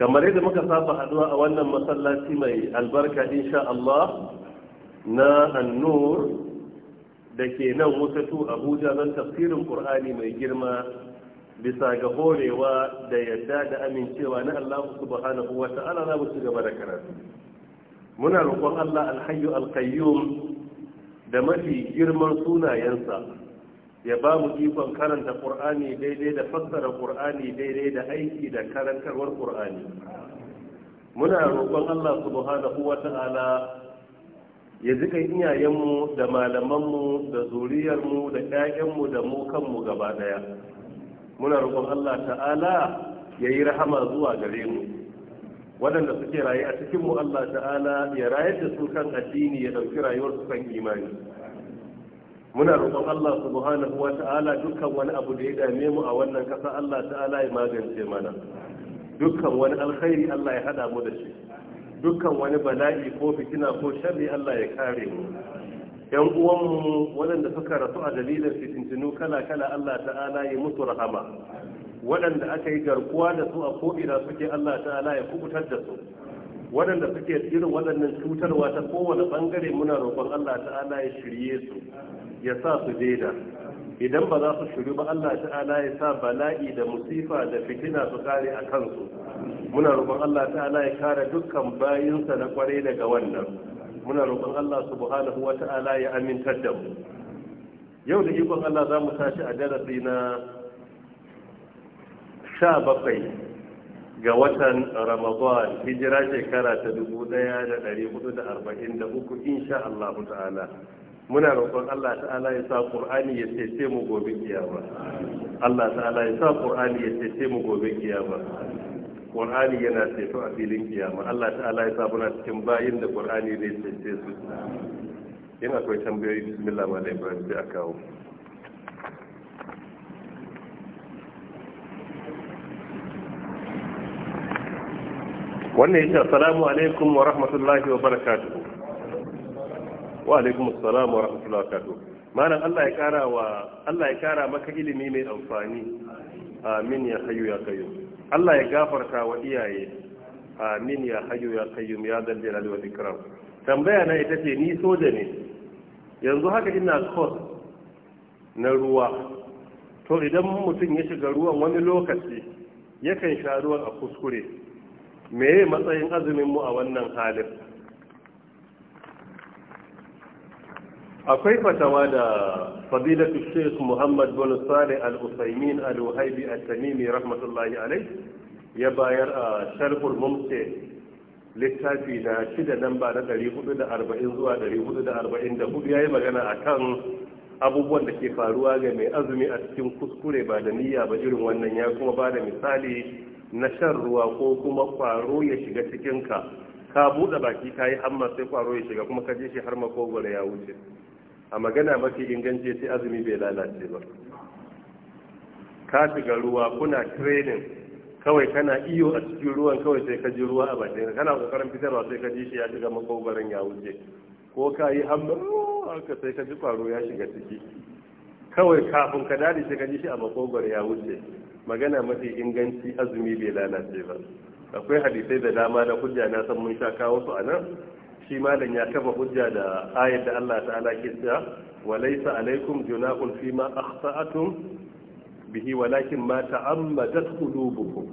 kamar yadda muka saba haduwa a wannan masallaci mai albarka insha Allah na annur da ke nan wutatu abuja don tafsirin ƙur'ani mai girma bisa ga horewa da yadda da amincewa na Allah subhanahu wa ta'ala za mu ci gaba da karatu muna roƙon Allah alhayyu alqayyum da mafi girman sunayensa ya ba mu ikon karanta qur'ani daidai da fassara qur'ani daidai da aiki da karantarwar qur'ani muna roƙon Allah subhanahu ta'ala ya jika iyayenmu da malamanmu da zuriyarmu da 'ya'yanmu da mu kanmu gaba ɗaya. muna roƙon Allah ta'ala ya yi rahama zuwa gare mu waɗanda suke raye a cikinmu Allah ta'ala ya rayar da su kan addini ya ɗauki rayuwar su kan imani muna roƙon Allah subhanahu wa ta'ala dukkan wani abu da ya dame mu a wannan kasa Allah ta'ala ya magance mana dukkan wani alkhairi Allah ya hada mu da shi dukkan wani bala'i ko fitina ko sharri Allah ya kare mu yan uwanmu waɗanda suka rasu a dalilin fitintinu kala kala Allah ta'ala ya musu rahama waɗanda aka yi garkuwa da su a ko'ina suke Allah ta'ala ya kubutar da su waɗanda suke irin waɗannan cutarwa ta kowane ɓangare muna roƙon Allah ta'ala ya shirye su ya sa su daida idan ba za su shiru ba Allah ta'ala ya sa bala'i da musifa da fitina su kare a kansu muna roƙon Allah ta'ala ya kare dukkan bayinsa na kware daga wannan muna roƙon Allah subhanahu wa ta'ala ya amintar da mu yau da ikon Allah za mu tashi a darasi na sha bakwai ga watan Ramadan hijira shekara ta dubu ɗaya da ɗari hudu da arba'in da uku insha Allah ta'ala muna roƙon Allah ta'ala ya sa Qur'ani ya tsaye mu gobe kiyama Allah ta'ala ya sa Qur'ani ya tsaye mu gobe kiyama Qur'ani yana ceto a filin kiyama Allah ta'ala ya sa muna cikin bayin da Qur'ani zai tsaye su in akwai tambayoyi bismillah malai ibrahim sai a kawo wannan ya ce assalamu alaikum wa rahmatullahi wa barakatuh wa alaikum assalam wa rahmatullahi wa barakatuh malam Allah ya kara wa Allah ya kara maka ilimi mai amfani amin ya hayyu ya qayyum Allah ya gafarta wa iyaye amin ya hayyu ya qayyum ya dal jalal wal ikram tambaya na ita ce ni soja ne yanzu haka ina course na ruwa to idan mutum ya shiga ruwan wani lokaci yakan sha ruwan a kuskure meye matsayin azumin mu a wannan halin akwai fatawa da fadilatu sheikh muhammad bin salih al usaymin al-wahaibi al-tamimi rahmatullahi alayh ya bayar a sharhul mumti littafi na shida namba na 440 zuwa 444 yayi magana akan abubuwan da ke faruwa ga mai azumi a cikin kuskure ba da niyya ba irin wannan ya kuma bada misali na shan ruwa ko kuma kwaro ya shiga cikinka ka buɗe baki ka yi hamma sai kwaro ya shiga kuma ka je shi har makogwar ya wuce a magana mafi inganci sai azumi bai lalace ba ka shiga ruwa kuna trenin kawai kana iyo a cikin ruwan kawai sai ka ji ruwa a bakin kana kokarin fitarwa sai ka ji shi ya shiga makogwarin ya wuce ko ka yi hamma haka sai ka ji kwaro ya shiga ciki kawai kafin ka dade sai ka ji shi a makogwar ya wuce magana mafi inganci azumi bai lalace ba akwai hadisai da dama na hujja na san mun sha kawo su a nan shi malam ya kafa hujja da ayat da Allah ta'ala ke cewa wa laysa alaikum junahun fi ma akhta'tum bihi walakin ma ta'ammadat qulubukum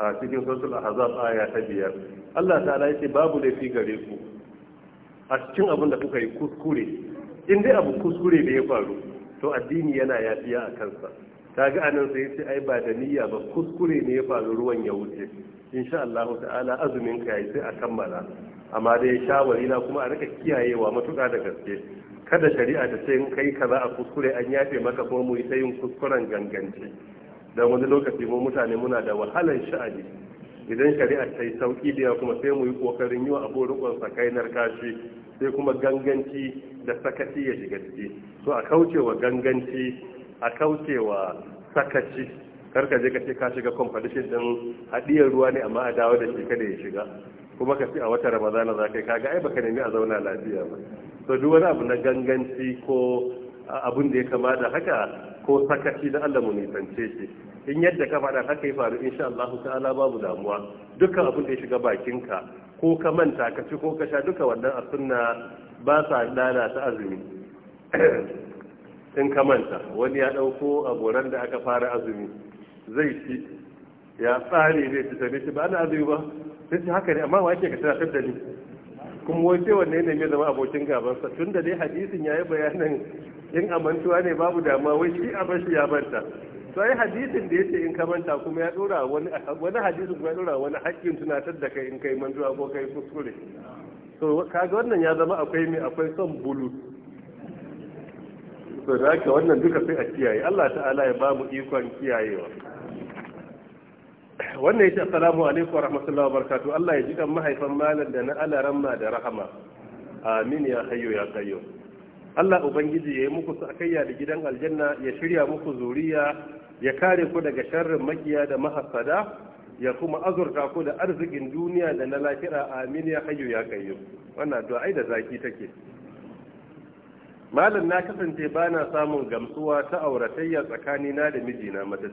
a cikin suratul ahzab aya ta biyar Allah ta'ala yake babu laifi gare ku a cikin abin da kuka yi kuskure in dai abu kuskure da ya faru to addini yana yafiya a kansa kaga anan sai ce ai ba da niyya ba kuskure ne ya faru ruwan ya wuce insha Allah ta'ala azumin ka yi sai a kammala amma dai shawari na kuma a rika kiyayewa matuƙa da gaske kada shari'a ta ce kai ka za a kuskure an yafe maka kuma mu yi ta yin kuskuren ganganci dan wani lokaci mu mutane muna da wahalar sha'ani idan shari'a ta yi sauƙi da kuma sai mu yi ƙoƙarin yi wa abu rukun sakainar kashi sai kuma ganganci da sakaci ya shiga ciki so a kaucewa ganganci a kaucewa sakaci kar ka je ka ce ka shiga competition din hadiyar ruwa ne amma a dawo da shi kada ya shiga kuma ka ce a wata ramadana za ka yi kaga ai baka nemi a zauna lafiya ba to duk wani abu na ganganci ko abun da ya kamata da haka ko sakaci da Allah mu nisance shi in yadda ka fada haka ya faru insha Allah ta'ala babu damuwa dukkan abin da ya shiga bakinka ko ka manta ka ci ko ka sha duka wannan a sunna ba sa lalata azumi in ka manta wani ya ɗauko a boran da aka fara azumi zai ci ya tsari ne ta tabe shi ba ana azumi ba sai ce haka ne amma wa yake ka tana da ni kuma wace wanne ne mai zama abokin gaban sa tunda dai hadisin yayi bayanin in amantuwa ne babu damuwa wai shi a bashi ya banta to ai hadisin da yace in ka manta kuma ya dora wani wani hadisin kuma ya dora wani haƙƙin tunatar da kai in kai manzuwa ko kai kuskure to kaga wannan ya zama akwai mai akwai son bulu to da wannan duka sai a kiyaye Allah ta'ala ya ba mu ikon kiyayewa wannan yace assalamu alaikum warahmatullahi wabarakatuh Allah ya ji kan mahaifan malam da na alaramma da rahama amin ya hayyu ya qayyum Allah ubangiji ya yi muku sakayya da gidan aljanna ya shirya muku zuriya ya kare ku daga sharrin makiya da mahasada ya kuma azurta ku da arzikin duniya da na lafira amin ya hayyu ya qayyum wannan ai da zaki take malam na kasance bana samun gamsuwa ta auratayya tsakanina da mijina mace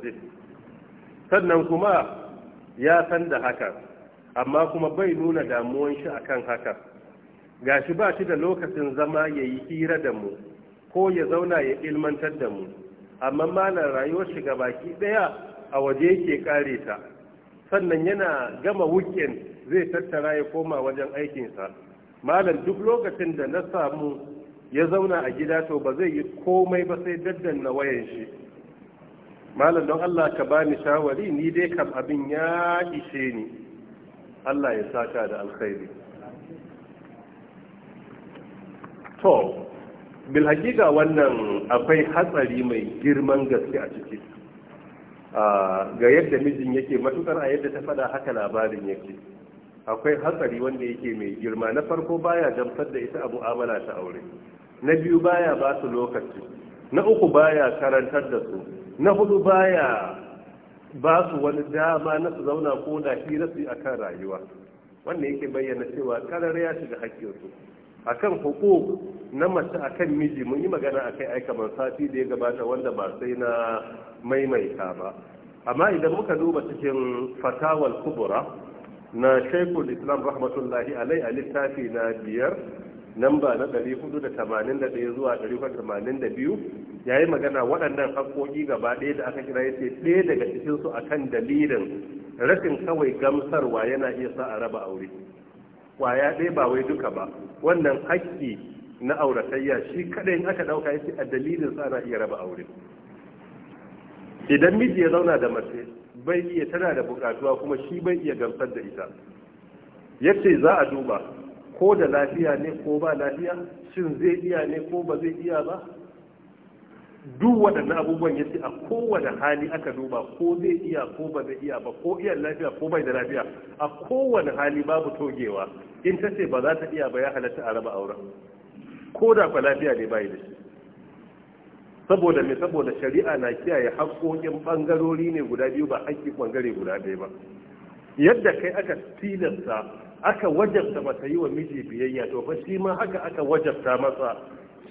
sannan kuma ya san da haka amma kuma bai nuna damuwan shi akan haka gashi ba shi da lokacin zama ya yi hira da mu ko ya zauna ya ilmantar da mu amma malar rayuwar shi ga baki daya a waje yake kare ta sannan yana gama weekend zai tattara ya koma wajen aikinsa malam duk lokacin da na samu ya zauna a gida to ba zai yi komai ba sai na wayan shi malam don Allah ka bani shawari ni dai kam abin ya ishe ni Allah ya saka da alkhairi to bil hakika wannan akwai hatsari mai girman gaske a ciki ga yadda mijin yake matukar a yadda ta fada haka labarin yake akwai hatsari wanda yake mai girma na farko baya gamsar da ita a mu'amala ta aure na biyu baya ba su lokaci na uku baya karantar da su na hudu baya ba su wani dama na su zauna ko da hira su kan rayuwa wannan yake bayyana cewa karar ya shiga haƙƙinsu kan hukuk na mace kan miji mun yi magana akai kai kamar sati da ya gabata wanda ba sai na maimaita ba amma idan muka duba cikin fatawal kubura na shaikul islam rahmatullahi alai a littafi na biyar namba na 481 zuwa 482 ya yi magana waɗannan haƙoƙi gaba ɗaya da aka kira yace ce ɗaya daga cikinsu a kan dalilin rashin kawai gamsarwa yana iya sa a raba aure ƙwaya ɗaya ba wai duka ba wannan haƙƙi na auratayya shi kaɗai in aka ɗauka ya a dalilin sa ana iya raba aure idan miji ya zauna da mace bai iya tana da buƙatuwa kuma shi bai iya gamsar da ita yace za a duba ko da lafiya ne ko ba lafiya shin zai iya ne ko ba zai iya ba duk waɗannan abubuwan ya ce a kowane hali aka duba ko zai iya ko ba zai iya ba ko iya lafiya ko bai da lafiya a kowane hali babu togewa in ta ce ba za ta iya ba ya halatta a raba auren ko da ba lafiya ne bai da shi saboda me saboda shari'a na kiyaye haƙoƙin bangarori ne guda biyu ba haƙƙin ɓangare guda ɗaya ba yadda kai aka tilasta aka wajabta mata yi wa miji biyayya to fa shi ma haka aka wajabta masa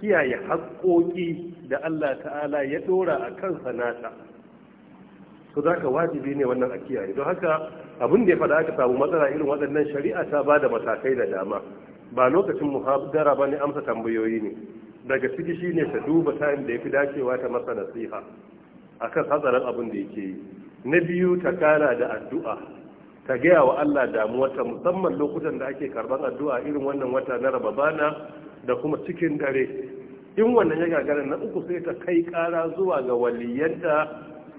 kiyaye haƙoƙi da Allah ta'ala ya dora a kansa nata to zaka wajibi ne wannan a kiyaye don haka abin da ya faɗa aka samu matsala irin waɗannan shari'a ta ba da matakai da dama ba lokacin muhabdara ba ne amsa tambayoyi ne daga ciki shine ta duba tayin da ya fi dacewa ta masa nasiha akan hatsarin abin da yake yi na biyu ta kara da addu'a ta gaya wa Allah damuwarta musamman lokutan da ake karban addu'a irin wannan wata na rababana da kuma cikin dare in wannan ya gagara na uku sai ta kai kara zuwa ga waliyanta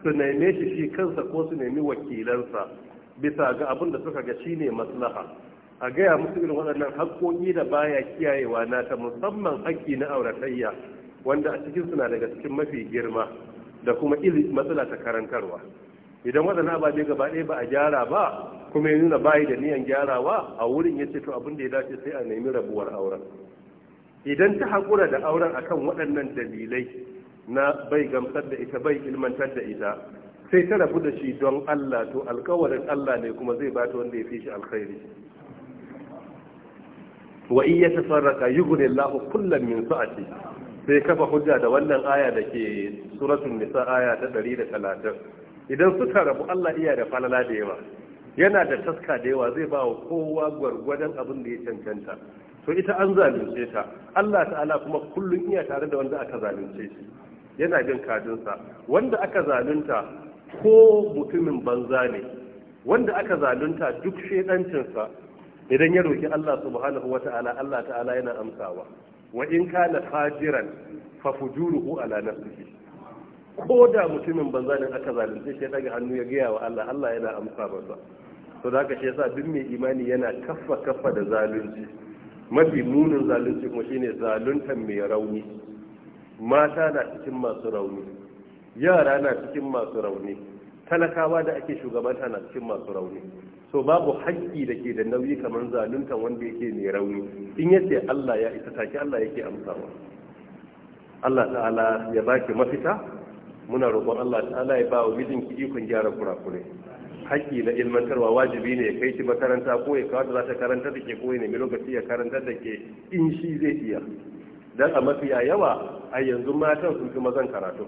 su neme shi shi kansa ko su nemi wakilansa bisa ga abin da suka ga shine maslaha a gaya musu irin waɗannan haƙƙoƙi da baya kiyayewa na ta musamman haƙƙi na auratayya wanda a cikin suna daga cikin mafi girma da kuma matsala ta karantarwa idan waɗannan ababe gaba ɗaya ba a gyara ba kuma ya nuna bayi da niyan gyarawa a wurin ya ce to abin da ya dace sai a nemi rabuwar auren idan ta haƙura da auren akan waɗannan dalilai na bai gamsar da ita bai ilmantar da ita sai ta rabu da shi don Allah to alkawarin Allah ne kuma zai bata wanda ya fi shi alkhairi wa iya tafarraka yughni Allahu kullam min sa'ati sai kafa hujja da wannan aya da ke suratul nisa aya ta 130 idan suka rabu Allah iya da falala da yawa yana da taska da yawa zai ba wa kowa gwargwadon abin da ya cancanta to ita an zalunce ta Allah ta'ala kuma kullum iya tare da wanda aka zalunce shi yana bin kadinsa wanda aka zalunta ko mutumin banza ne wanda aka zalunta duk shedancinsa idan ya roki Allah subhanahu Ta'ala, Allah ta'ala yana amsawa wa in kana fajiran fa fujuruhu ala nafsihi ko da mutumin banza ne aka zalunce shi daga hannu ya gaya wa Allah Allah yana amsa masa to da ka shi yasa duk mai imani yana kaffa kaffa da zalunci mafi munin zalunci kuma shine zaluntan mai rauni mata na cikin masu rauni yara na cikin masu rauni talakawa da ake shugabanta na cikin masu rauni so babu haƙƙi da ke da nauyi kamar zaluntan wanda yake mai rauni in yace Allah ya isa take Allah yake amsawa Allah ta'ala ya baki mafita muna roƙon Allah ta'ala ya ba wa mijinki ikon gyara kurakurai haƙƙi na ilmantarwa wajibi ne ya kai ki makaranta ko ya kawo da za ta karanta da ke ko ya nemi lokaci ya karanta da ke in shi zai iya dan a mafiya yawa a yanzu matan sun fi mazan karatu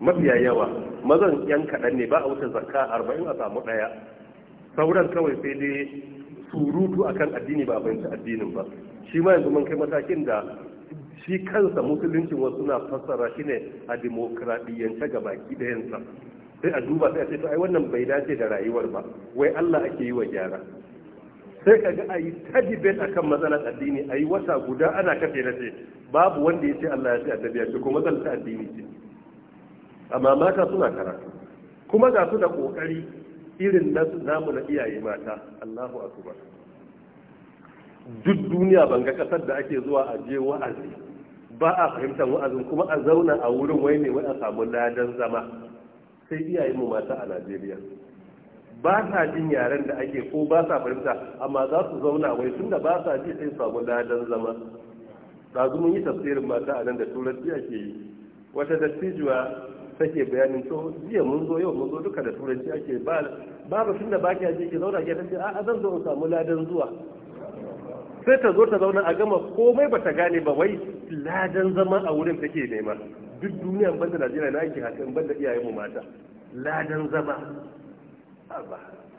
mafiya yawa mazan yan kaɗan ne ba a wuce zakka arba'in a samu ɗaya sauran kawai sai dai surutu akan addini ba a abinci addinin ba shi ma yanzu mun kai matakin da shi kansa musuluncin wasu na fassara shi ne a demokradiyyance ga baki ɗayansa sai a duba sai a ce ai wannan bai dace da rayuwar ba wai Allah ake yi wa gyara sai ka ga ayi ta a kan matsalar addini ayi wata guda ana kafe na ce babu wanda ya ce Allah ya ce annabi ya ce kuma matsalar addini ce amma mata suna karatu kuma ga su da kokari irin na namu na iyaye mata Allahu akbar duk duniya ban ga kasar da ake zuwa a je wa'azi ba a fahimtar wa'azin kuma a zauna a wurin wai ne wai a samu ladan zama sai yi mu mata a Najeriya ba sa jin yaren da ake ko ba sa fahimta amma za su zauna wai tunda ba sa ji sai samu ladan zama ɗazu mun yi tafsirin mata a nan da turanci ake yi wata dattijuwa take bayanin to jiya mun zo yau mun zo duka da turanci ake ba babu tunda ba ki aje ki zauna ki tace a zan zo in samu ladan zuwa sai ta zo ta zauna a gama komai ba ta gane ba wai ladan zama a wurin take nema duk duniyan banda najeriya na yake haka in banda iyayen mu mata ladan zama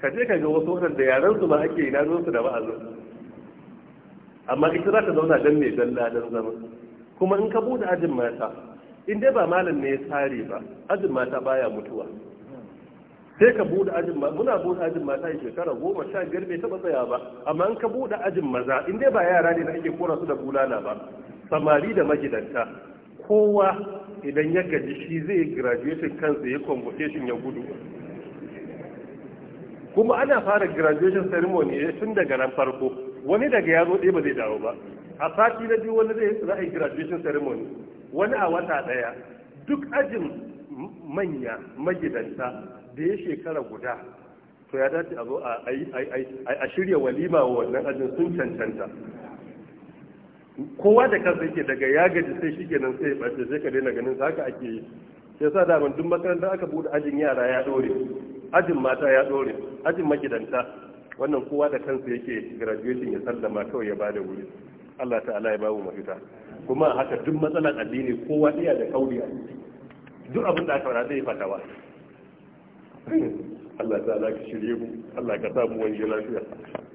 ka je ka ga wasu waɗanda yaran su ma ake yi zo su da ba'azin amma ita za ta zauna dan me dan ladan zama kuma in ka bude ajin mata in dai ba malam ne ya tsare ba ajin mata baya mutuwa sai ka bude ajin ma muna bude ajin mata a shekara goma sha biyar bai taba tsaya ba amma in ka bude ajin maza in dai ba yara ne da ake kora su da bulala ba samari da magidanta kowa idan ya gaji shi zai graduation kansa ya convocation ya gudu kuma ana fara graduation ceremony ne tun daga nan farko wani daga ya zo ɗaya ba zai dawo ba a sati na biyu wani zai za a yi graduation ceremony wani a wata ɗaya duk ajin manya magidanta da ya shekara guda to ya dace a zo a shirya walima wa wannan ajin sun cancanta kowa da kansa yake daga ya gaji sai shi kenan sai ɓace sai ka daina ganin sa haka ake yi sai sa daman duk makarantar aka buɗe ajin yara ya ɗore ajin mata ya ɗore ajin magidanta wannan kowa da kansa yake graduation ya sallama kawai ya bada wuri Allah ta'ala ya bawo mafita kuma haka duk matsalar addini kowa iya da kauri a duk abin da aka fara zai fata ba Allah ta ala ka shirye mu Allah ka samu wani lafiya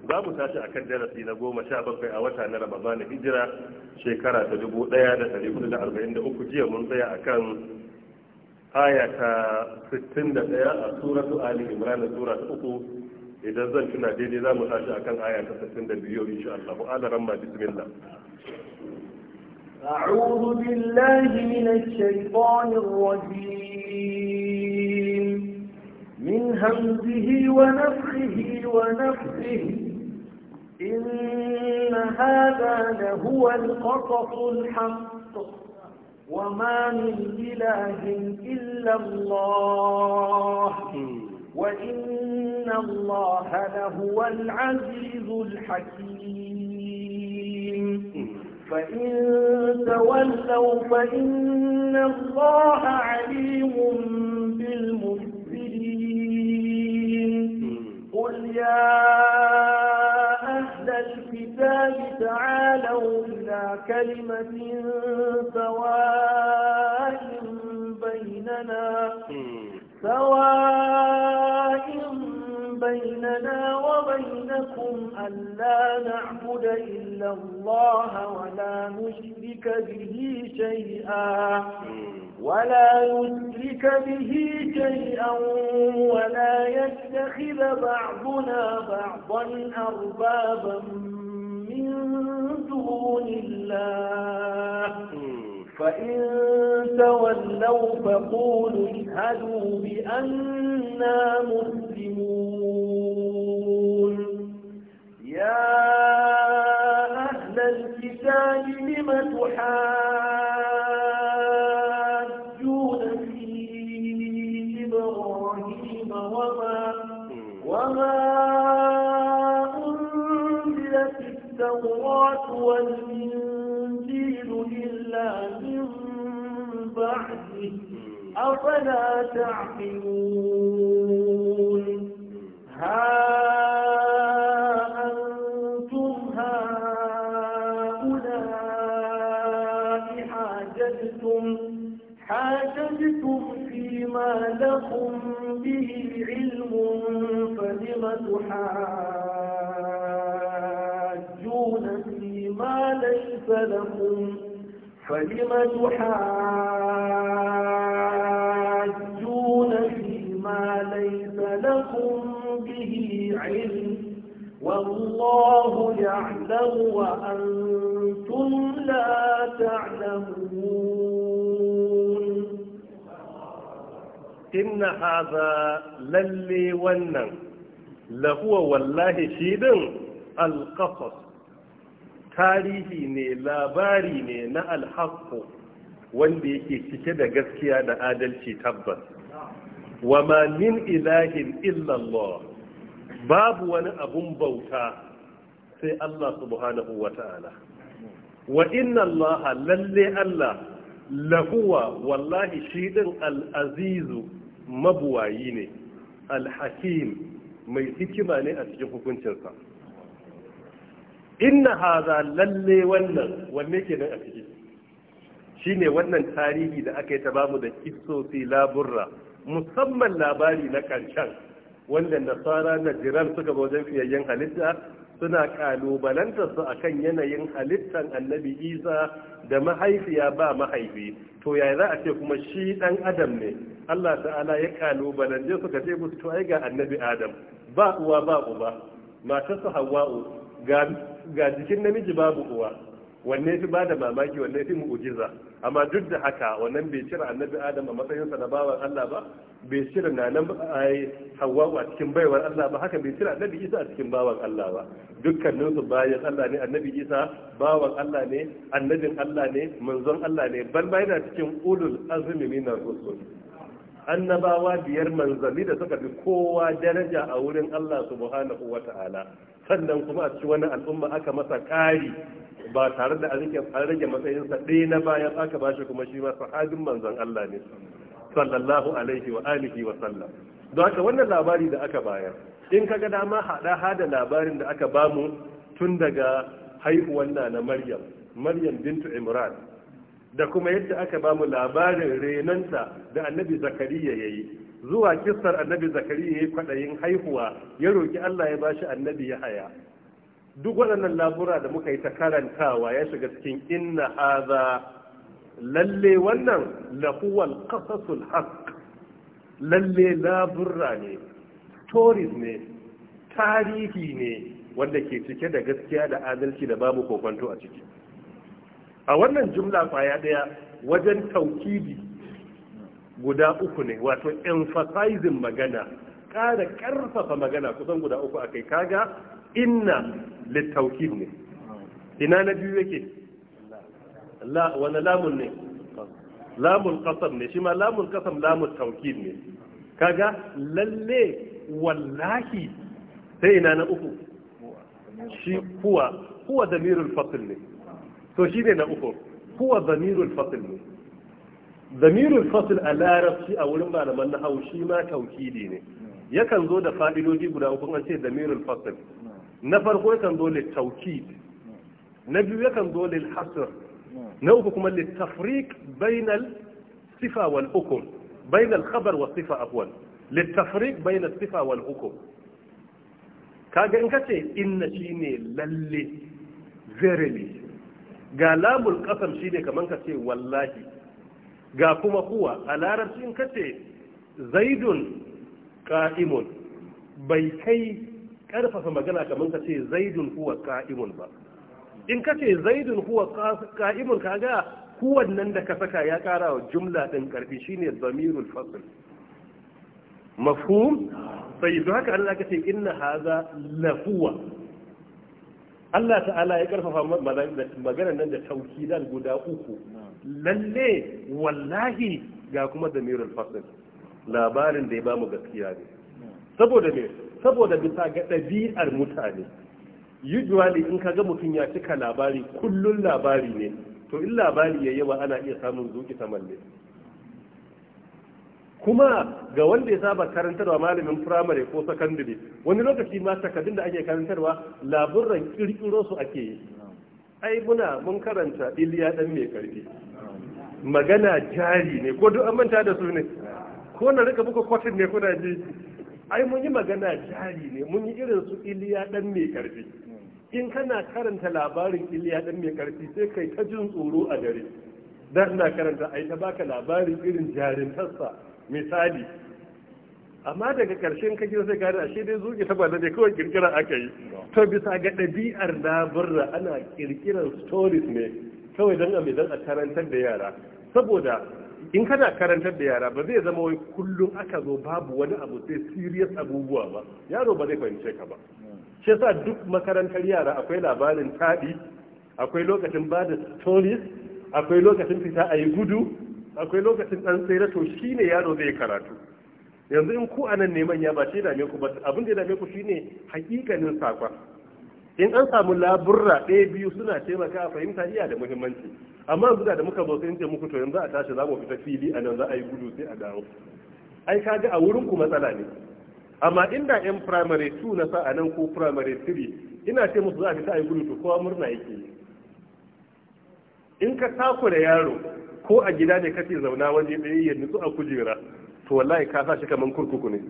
za mu tashi akan darasi na goma sha bakwai a wata na Ramadan hijira shekara ta dubu ɗaya da ɗari hudu da arba'in da uku jiya mun tsaya akan aya ta sittin da ɗaya a suratu Ali Imran da sura ta uku idan zan tuna daidai za mu tashi akan aya ta sittin da biyu insha Allah. Ala ramma bismillah. أعوذ بالله من الشيطان الرجيم من همزه ونفخه ونفخه إن هذا لهو القصص الحق وما من إله إلا الله وإن الله لهو العزيز الحكيم فإن تولوا فإن الله عليم بالمفسدين قل يا أهل الكتاب تعالوا إلى كلمة سواء بيننا سواء لا نعبد إلا الله ولا نشرك به شيئا ولا نشرك به شيئا ولا يتخذ بعضنا بعضا أربابا من دون الله فإن تولوا فقولوا اشهدوا بأننا مسلمون يا أهل الكتاب لم تحاجون في إبراهيم وما وما أنزلت التوراة والإنجيل إلا من بعده أفلا تعقلون ما لكم به علم فلم تحاجون فيما ليس لكم فلم تحاجون فيما ليس لكم به علم والله يعلم وأنتم لا تعلمون inna haza lalle wannan lahuwa wallahi shi din alƙasas tarihi ne labari ne na alhaku, wanda yake cike da gaskiya da adalci tabbas wa ma min ilahin illallah babu wani abun bauta sai Allah subhanahu wa ta'ala wa inna Allah lalle Allah lahuwa wallahi shi din al'azizu mabuwayi ne alhakim mai hikima ne a cikin hukuncinsa inna haza lalle wannan wanne ke nan a ciki shine wannan tarihi da aka yi ta bamu da kissosi laburra musamman labari na kancan wanda nasara na jiran suka ba wajen fiyayyen halitta suna kalubalantar su akan yanayin halittar annabi isa da mahaifiya ba mahaifi to yaya za a ce kuma shi dan adam ne allah ta'ala ya kalubalance su ka musu to ai ga annabi adam ba uwa ba uba matarsa hawa'u ga jikin namiji babu uwa wanne fi ba da mamaki wanne fi mu'ujiza amma duk da haka wannan bai cire annabi adam a matsayin sa na bawan Allah ba bai cire nan ai Hawwa a cikin baiwar Allah ba haka bai cire annabi Isa a cikin bawan Allah ba dukkanin su bayan Allah ne annabi Isa bawan Allah ne annabin Allah ne manzon Allah ne bal ma yana cikin ulul azmi minar rusul annabawa biyar manzanni da suka fi kowa daraja a wurin Allah subhanahu wa ta'ala sannan kuma a cikin wannan al'umma aka masa ƙari ba tare da an rage matsayinsa ɗaya na bayan aka bashi kuma shi ma sahabin manzon Allah ne sallallahu alaihi wa alihi wa sallam don haka wannan labari da aka bayar in ka ga dama hada hada labarin da aka bamu tun daga haihuwan na na Maryam Maryam bintu Imran da kuma yadda aka ba mu labarin renanta da annabi zakariya ya yi zuwa kissar annabi zakariya ya yi kwaɗayin haihuwa ya roƙi allah ya ba shi annabi ya haya duk waɗannan labura da muka yi ta karantawa ya shiga cikin inna haza lalle wannan lahuwal kasasul haqq lalle labura ne stories ne tarihi ne wanda ke cike da gaskiya da adalci da babu kokonto a ciki a wannan jumla kwaya daya wajen taukidi guda uku ne wato emphasizing magana kada karfafa magana kusan guda uku akai kaga inna littaukid ne ina na biyu yake la wani lamun ne lamun kasam ne shi ma lamun kasam lamun taukid ne kaga lalle wallahi sai ina na uku shi kuwa kuwa damirul fasl ne to shi ne na uku kuwa zamirul fasl ne zamirul fasl a larabci a wurin malaman nahawu shi ma taukidi ne yakan zo da fa'idoji guda uku an ce zamirul fasl na farko yakan zo lil taukid na biyu yakan zo lil hasr na uku kuma lil tafriq bainal sifa wal hukm bainal khabar was sifa afwan lil tafriq bainal sifa wal hukm kaga in kace inna shine lalle verily ga lamul kasam ne kamar ka ce wallahi ga kuma huwa a larabci in ka ce zaidun ka'imun bai kai karfafa magana kamar ka ce zaidun huwa ka'imun ba in ka ce zaidun huwa ka'imun kaga huwan nan da ka saka ya kara wa jumla ɗin karfi ne zamirul fasl mafhum sai haka Allah ka ce inna haza lafuwa. Allah ta'ala ya karfafa magana nan da tauki da guda uku lalle wallahi ga kuma damirul fasil labarin da ya mu gaskiya ne saboda me saboda bisa ga ɗabi'ar mutane usually in kaga mutum ya cika labari kullun labari ne to in labari ya yawa ana iya samun zuki samalle kuma ga wanda ya saba karantarwa malamin firamare ko sakandare wani lokaci ma takardun da ake karantarwa laburan kirkiro su ake yi ai muna mun karanta iliya dan mai karfi magana jari ne ko duk an manta da su ne ko na rika buka kwatin ne kuna ji ai mun yi magana jari ne mun yi irin su iliya dan mai karfi in kana karanta labarin iliya dan mai karfi sai kai ta jin tsoro a dare dan na karanta ai ta baka labarin irin jarintarsa misali amma daga ƙarshen kake sai gane ashe dai zuke ta bala ne kawai kirkira aka yi to bisa ga ɗabi'ar birra ana kirkiran stories ne kawai don a don a karantar da yara saboda in kana karantar da yara ba zai zama wai kullum aka zo babu wani abu sai serious abubuwa ba yaro ba zai fahimce ka ba shi yasa duk makarantar yara akwai labarin taɗi akwai lokacin ba da stories akwai lokacin fita a yi gudu akwai lokacin dan tsere to shine yaro zai karatu yanzu in ku anan neman ya ba da dame ku ba abin da ya dame ku shine hakikanin sakon in an samu laburra ɗaya biyu suna taimaka a fahimta iya da muhimmanci amma yanzu da muka zo sai ce muku to yanzu a tashi za mu fita fili a nan za a yi gudu sai a dawo ai kaga a wurin ku matsala ne amma inda yan primary 2 na sa a nan ko primary 3 ina ce musu za a fita a yi gudu to kowa murna yake in ka takura yaro ko a gida ne kace zauna waje ɗaya ya nutsu a kujera to wallahi ka sa shi kaman kurkuku ne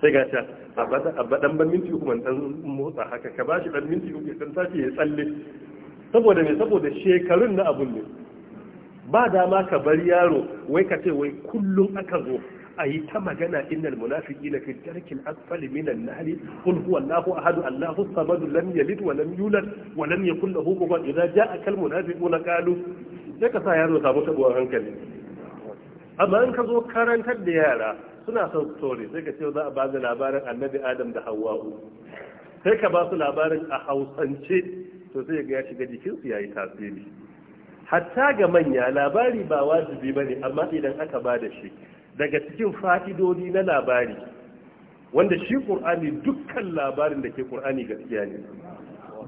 sai ga ta abba dan ban minti uku man dan motsa haka ka bashi dan minti uku dan tashi ya tsalle saboda me saboda shekarun na abun ne ba dama ka bar yaro wai ka ce wai kullum aka zo a yi ta magana innal munafiki na fi darkin asfali minan nari kul huwa allahu ahadu allahu samadu lam yalid wa lam yulad wa lam yakul lahu kufuwan idza ja'a kal munafiquna qalu sai ka sa yaro samu tabuwar hankali amma in ka zo karantar da yara suna son story sai ka ce za a bada da labarin annabi adam da hawa'u sai ka ba su labarin a hausance to sai ga ya shiga jikinsu ya yi tasiri hatta ga manya labari ba wajibi ba ne amma idan aka ba da shi daga cikin fa'idodi na labari wanda shi ƙur'ani dukkan labarin da ke ƙur'ani gaskiya ne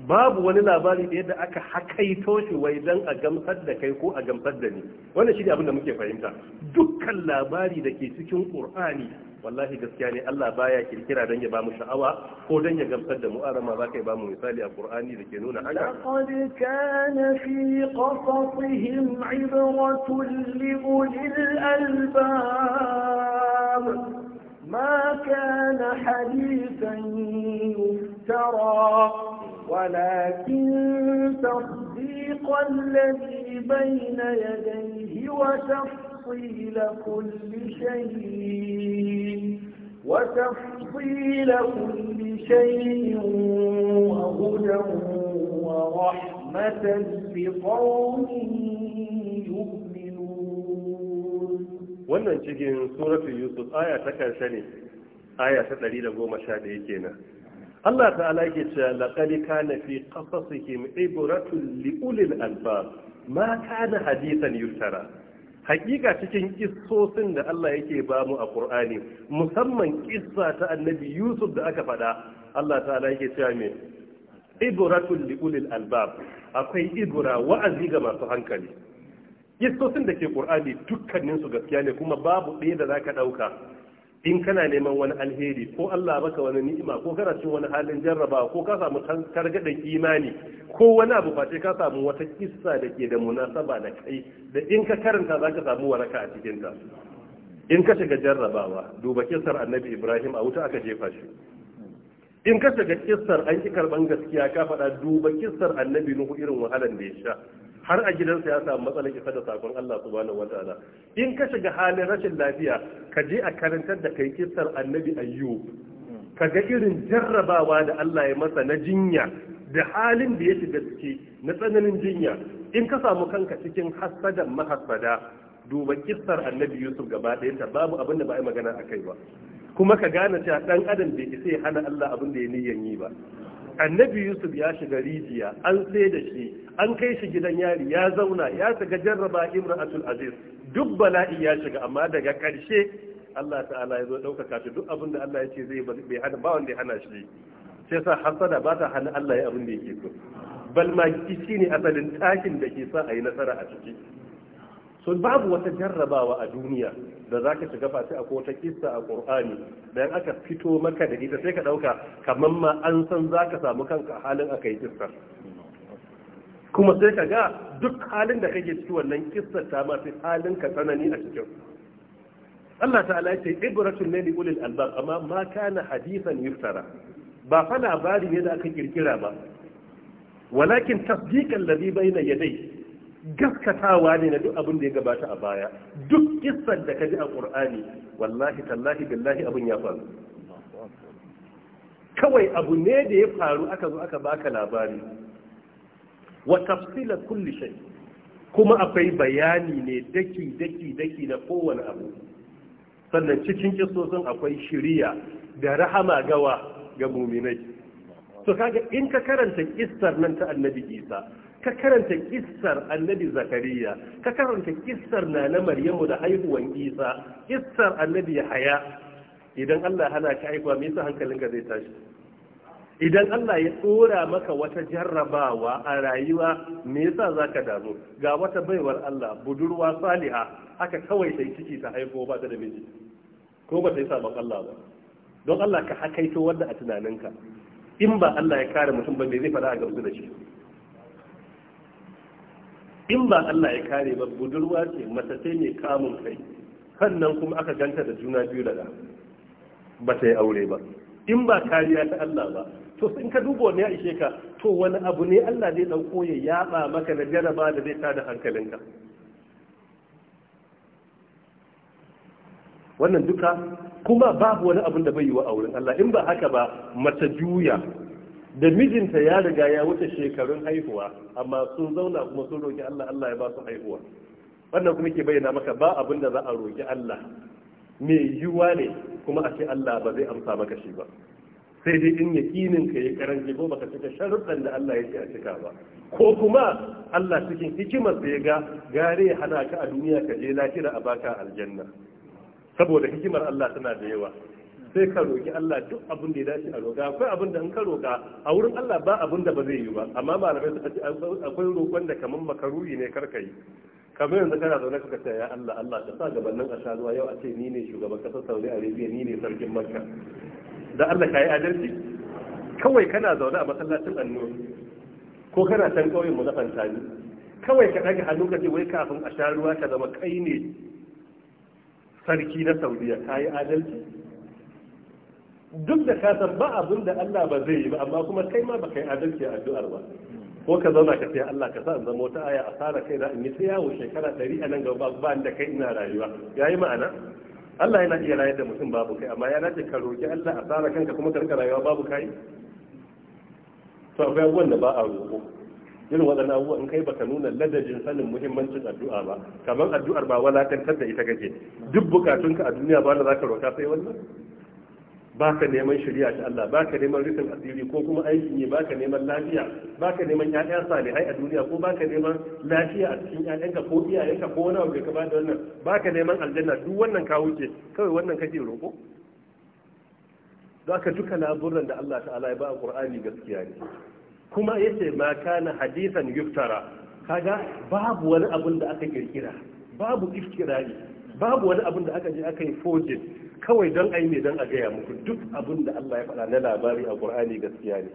babu wani labari da yadda aka hakaito shi wai dan a gamsar da kai ko a gamsar da ni wannan shi ne abin da muke fahimta dukkan labari da ke cikin qur'ani wallahi gaskiya ne Allah baya kirkira dan ya ba mu sha'awa ko dan ya gamsar da mu arama ba kai ba mu misali a qur'ani da ke nuna haka laqad kana fi qasasihim ibratun li ulil albab ما كان حديثا يفترى ولكن تصديق الذي بين يديه وتفصيل كل شيء وتفصيل كل شيء وهدى ورحمة لقوم يؤمنون wannan cikin suratul yusuf aya ta karshe ne aya ta 111 kenan Allah ta'ala yake cewa laqad kana fi qasasihim ibratun li ulil albab ma kana hadisan Yurtara. hakika cikin kissosin da Allah yake ba mu a Qur'ani musamman kissa ta Annabi Yusuf da aka faɗa Allah ta'ala yake cewa me ibratun li ulil albab akwai ibra wa'azi ga masu hankali kissosin da ke Qur'ani dukkanin su gaskiya ne kuma babu ɗaya da zaka ɗauka. in kana neman wani alheri ko Allah baka wani ni'ima ko kana cikin wani halin jarraba ko ka samu kargadan imani ko wani abu face ka samu wata kissa da ke da munasaba da kai da in ka karanta za ka samu waraka a cikin ta in ka shiga jarrabawa duba kissar annabi Ibrahim a wuta aka jefa shi in ka shiga kissar an ki karban gaskiya ka faɗa duba kissar annabi Nuhu irin wahalan da ya sha har a gidansa ya samu matsalar isa da sakon Allah subhanahu wataala in ka shiga halin rashin lafiya ka je a karantar da kai kisar annabi ayyub ka ga irin jarrabawa da Allah ya masa na jinya da halin da ya shiga ciki na tsananin jinya in ka samu kanka cikin hassadan mahasada duba kisar annabi yusuf gaba ɗaya ta babu abin da ba a magana a kai ba kuma ka gane cewa ɗan adam bai isa ya hana Allah abin da ya niyan yi ba annabi yusuf ya shiga rijiya an sai da shi an kai shi gidan yari ya zauna ya shiga jarraba atul aziz duk bala'i ya shiga amma daga karshe Allah ta'ala ya zo ɗaukaka shi duk abin da Allah ya ce zai bai hana ba wanda ya hana shi sai sa hasada ba ta hana Allah ya abin da yake so bal ma ne asalin takin da ke sa a yi nasara a ciki so babu wata jarrabawa a duniya da za ka shiga face a kota kissa a ƙur'ani bayan aka fito maka da ita sai ka ɗauka kamar ma an san za ka samu kanka halin aka yi kissa kuma sai ka ga duk halin da kake ciki wannan kissa ta ma sai halin ka tsanani a cikin Allah ta'ala ya ce ibratun ne ulil albab amma ma kana hadisan yuftara ba fa labari ne da aka kirkira ba walakin tasdiqan ladhi bayna yadayhi gaskatawa ne na duk abin da ya gabata a baya duk kissar da ka ji a ƙur'ani wallahi tallahi billahi abin ya faru kawai abu ne da ya faru aka zo aka baka labari wa tafsila kulli shay kuma akwai bayani ne daki daki daki da kowane abu sannan cikin kissosin akwai shiriya da rahama gawa ga muminai to kaga in ka karanta kissar nan ta annabi Isa ka karanta kissar annabi zakariya ka karanta kissar na na maryamu da haihuwan isa kissar annabi haya idan allah hana ka haihuwa me yasa hankalinka zai tashi idan allah ya tsora maka wata jarrabawa a rayuwa me yasa zaka damu ga wata baiwar allah budurwa saliha haka kawai sai ciki ta haihuwa ba ta da miji ko ba ta yi sabon allah ba don allah ka hakaito wanda a tunaninka in ba allah ya kare mutum ba me zai faɗa a gamsu da shi in ba Allah ya kare ba budurwa ce mace sai mai kamun kai sannan kuma aka ganta da juna biyu da ba ta yi aure ba in ba kariya ta Allah ba to in ka duba wani ya ishe ka to wani abu ne Allah zai dauko ya yaba maka da jaraba da zai tada hankalinka wannan duka kuma babu wani abin da bai yi wa auren Allah in ba haka ba mace juya da mijinta ya riga ya wuce shekarun haihuwa amma sun zauna kuma sun roki Allah Allah ya ba su haihuwa wannan kuma ke bayyana maka ba abin da za a roki Allah mai yiwuwa ne kuma a ce Allah ba zai amsa maka shi ba sai dai in yakinin ka yi karanci ko baka cika sharuɗan da Allah ya ce a cika ba ko kuma Allah cikin hikimar da ya ga gare ya hana ka a duniya ka je lafiya a baka aljanna saboda hikimar Allah tana da yawa sai ka roki Allah duk abin da ya dace a roka akwai abin da in ka roka a wurin Allah ba abin da ba zai yi ba amma malamai suka ce akwai roƙon da kaman makaruri ne karka yi kamar yanzu kana zaune kaka ce ya Allah Allah ka sa gabanin a sha yau a ce ni ne shugaban kasar Saudi Arabia ni ne sarkin Makka da Allah ka yi adalci kawai kana zaune a masallacin annur ko kana can kauyen mu na fantani kawai ka ɗaga hannu ka ce wai kafin a sha ruwa ka zama kai ne sarki na saudiya ka yi adalci duk da ka san ba abin da Allah ba zai yi ba amma kuma kai ma baka yi adalci a addu'ar ba ko ka zauna ka ce Allah ka sa in zama wata aya a tsara kai na in yi yawo shekara ɗari a nan gaba ba da kai ina rayuwa Ya yi ma'ana Allah yana iya rayar da mutum babu kai amma yana ce ka roki Allah a tsara kanka kuma ka rayuwa babu kai to akwai abubuwan da ba a roƙo irin waɗannan abubuwa in kai baka nuna ladajin sanin muhimmancin addu'a ba kamar addu'ar ba walakantar da ita kake duk bukatunka a duniya ba da zaka roƙa sai wannan baka neman shari'a ta Allah baka neman rikin asiri ko kuma aikin yi baka neman lafiya baka neman ƴaƴan salihai a duniya ko baka neman lafiya a cikin ƴaƴanka ko iyayenka ko wani abu da ka bada wannan baka neman aljanna duk wannan ka wuce kawai wannan kake roƙo zaka duka laburan da Allah ta'ala ya ba a Qur'ani gaskiya ne kuma yace ma kana hadisan yuftara kaga babu wani abun da aka kirkira babu iftirari babu wani abun da aka je aka yi forging kawai don yi ne don a gaya muku duk abin da Allah ya faɗa na labari a ƙur'ani gaskiya ne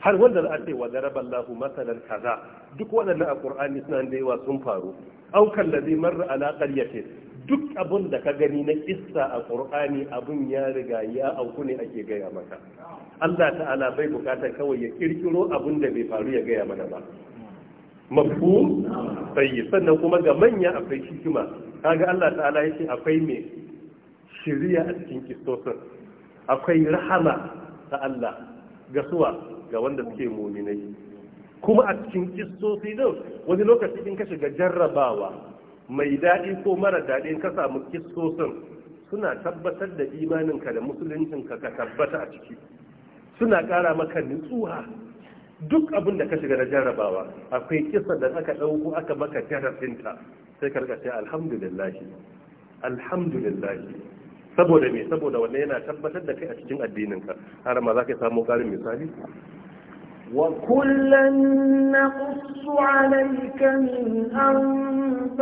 har wanda za a ce wa daraba Allahu masalan kaza duk waɗannan a ƙur'ani suna da yawa sun faru aw kallazi marra ala qaryatin duk abin da ka gani na kissa a ƙur'ani abun ya riga ya auku ne ake gaya maka Allah ta'ala bai bukata kawai ya kirkiro abin da bai faru ya gaya mana ba mafhum sai sannan kuma ga manya akwai hikima kaga Allah ta'ala yace akwai me shirya a cikin kistosin akwai rahama ta Allah Gasuwa ga wanda suke muminai kuma a cikin kistosi din wani lokaci in ka shiga jarrabawa mai daɗi ko mara daɗi ka samu kistosin suna tabbatar da imaninka da musuluncinka ka tabbata a ciki suna ƙara maka nutsuwa duk abin da ka shiga na jarrabawa akwai kisa da aka ɗauko aka maka jarrabinta sai karkace alhamdulillahi alhamdulillahi saboda me saboda wanne yana tabbatar da kai a cikin addininka har ma za ka samu karin misali wa وكلا نقص عليك من أنباء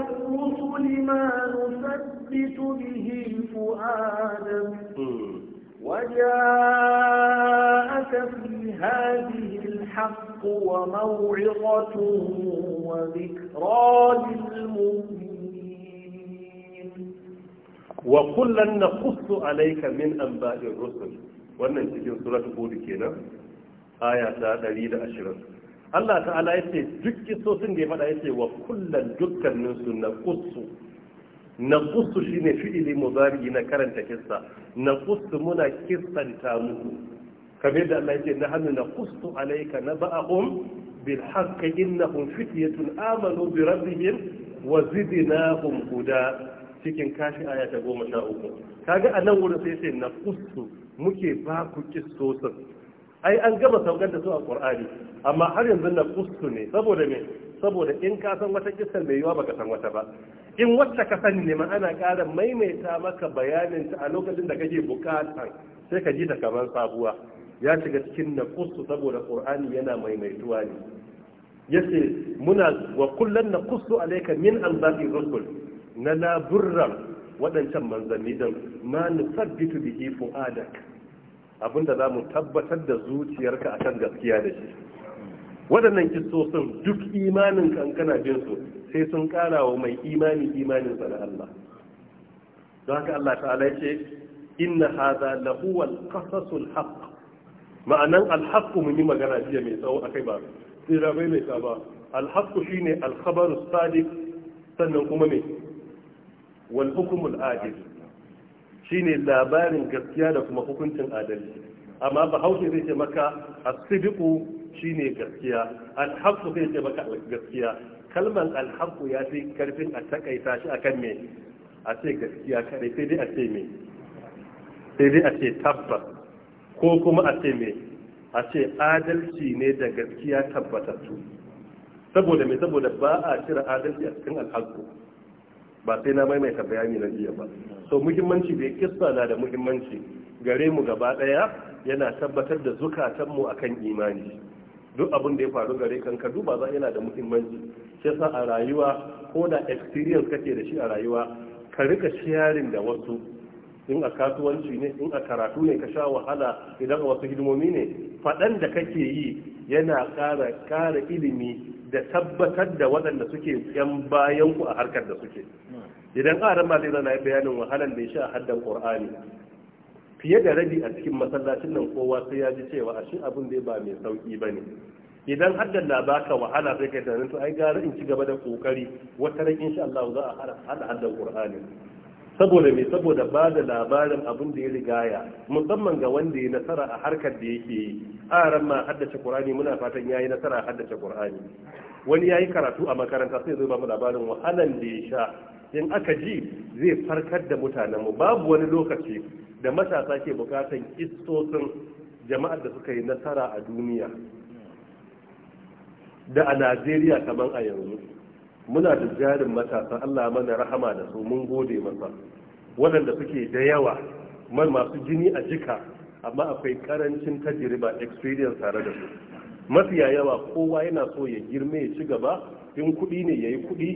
الرسل ما نثبت به فؤادك وجاءك في هذه الحق وموعظة وذكرى للمؤمنين wa kullan naqussu alaika min anba'ir rusul wannan cikin suratul hudu kenan aya ta ashirin. Allah ta'ala ya ce duk kisosin da ya faɗa ya ce wa kullum dukkaninsu na kusu na kusu shi ne fi'ili muzari na karanta kissa na kusu muna kissanta muku kamar da Allah ya ce na hannu na kusu alaika na ba'ahum bil haqqi innahum fityatun amanu bi rabbihim wa zidnahum huda cikin kashi aya ta goma sha uku kaga a nan wurin sai sai na kusu muke ba ku kisosin ai an gama saukar da su a qur'ani amma har yanzu na kusu ne saboda me saboda in ka san wata kissar mai yiwa baka san wata ba in wacce ka sani ne ma ana ƙara maimaita maka bayanin ta a lokacin da kake bukata sai ka ji ta kamar sabuwa ya shiga cikin na kusu saboda qur'ani yana maimaituwa ne yace muna wa kullun naqussu alayka min anba'i rusul na laburran waɗancan manzanni don ma nusabbitu bihi fu'adak abinda za mu tabbatar da zuciyarka akan gaskiya da shi waɗannan kistosin duk imanin kankana bin su sai sun ƙara wa mai imani imanin sa na Allah don haka Allah ta'ala ce inna hadha lahu wal qasasul haqq ma'anan al haqq mun yi magana jiya mai tsawo akai ba sai rabai mai tsaba al haqq shine al khabaru sadiq sannan kuma me wal hukumul adil shine labarin gaskiya da kuma hukuncin adalci amma bahaushe zai ce maka asidiku shine gaskiya alhaqu zai ce maka gaskiya kalman alhaqu ya fi karfin a takaita shi akan me a ce gaskiya kare sai dai a ce me sai dai a ce tabbas ko kuma a ce me a ce adalci ne da gaskiya tabbatattu saboda me saboda ba a cire adalci a cikin alhaqu ba sai na maimaita bayani na iya ba so muhimmanci da kissa na da muhimmanci gare mu gaba daya yana tabbatar da zukatan mu akan imani duk abin da ya faru gare kan ka duba za yana da muhimmanci shi sa a rayuwa ko da experience kake da shi a rayuwa ka rika sharing da wasu in a kasuwanci ne in a karatu ne ka sha wahala idan wasu hidimomi ne faɗan da kake yi yana ƙara ƙara ilimi da tabbatar da waɗanda suke yan bayanku a harkar da suke idan aran ma zai zana ya bayanin wahalar da ya sha haddan ƙor'ani fiye da rabi a cikin masallacin nan kowa sai ya ji cewa a shi abin da ba mai sauƙi ba ne idan haddan na baka wahala sai kai tunanin to ai gara in ci gaba da ƙoƙari. wata ran shi Allah za a haɗa haddan ƙor'ani saboda mai saboda ba da labarin abin da ya rigaya musamman ga wanda ya nasara a harkar da yake a ran ma haddace qur'ani muna fatan yayi nasara a haddace qur'ani wani yayi karatu a makaranta sai zai ba mu labarin wahalan da ya sha in aka ji zai farkar da mutanen mu babu wani lokaci da matasa ke bukatan isosin jama'ar da suka yi nasara a duniya da a Najeriya kamar a yanzu muna da jarin matasa Allah mana rahama da su mun gode masa waɗanda suke da yawa man masu jini a jika amma akwai karancin tajiriba experience tare da su mafiya yawa kowa yana so ya girme ya ci gaba in kuɗi ne ya yi kuɗi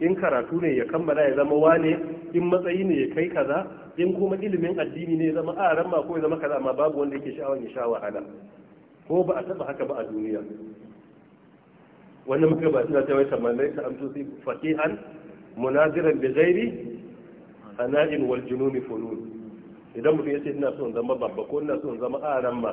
in karatu ne ya kammala ya zama wane in matsayi ne ya kai kaza in kuma ilimin addini ne ya zama aran ma ko ya zama kaza amma babu wanda yake sha'awar ya sha wahala ko ba a taɓa haka ba a duniya wannan muke ba suna ta wata mallai ta amsu sai Fatihan, munaziran bi ghairi ana'in wal jununi funun idan mutum yace ina so in zama babba ko ina so in zama ma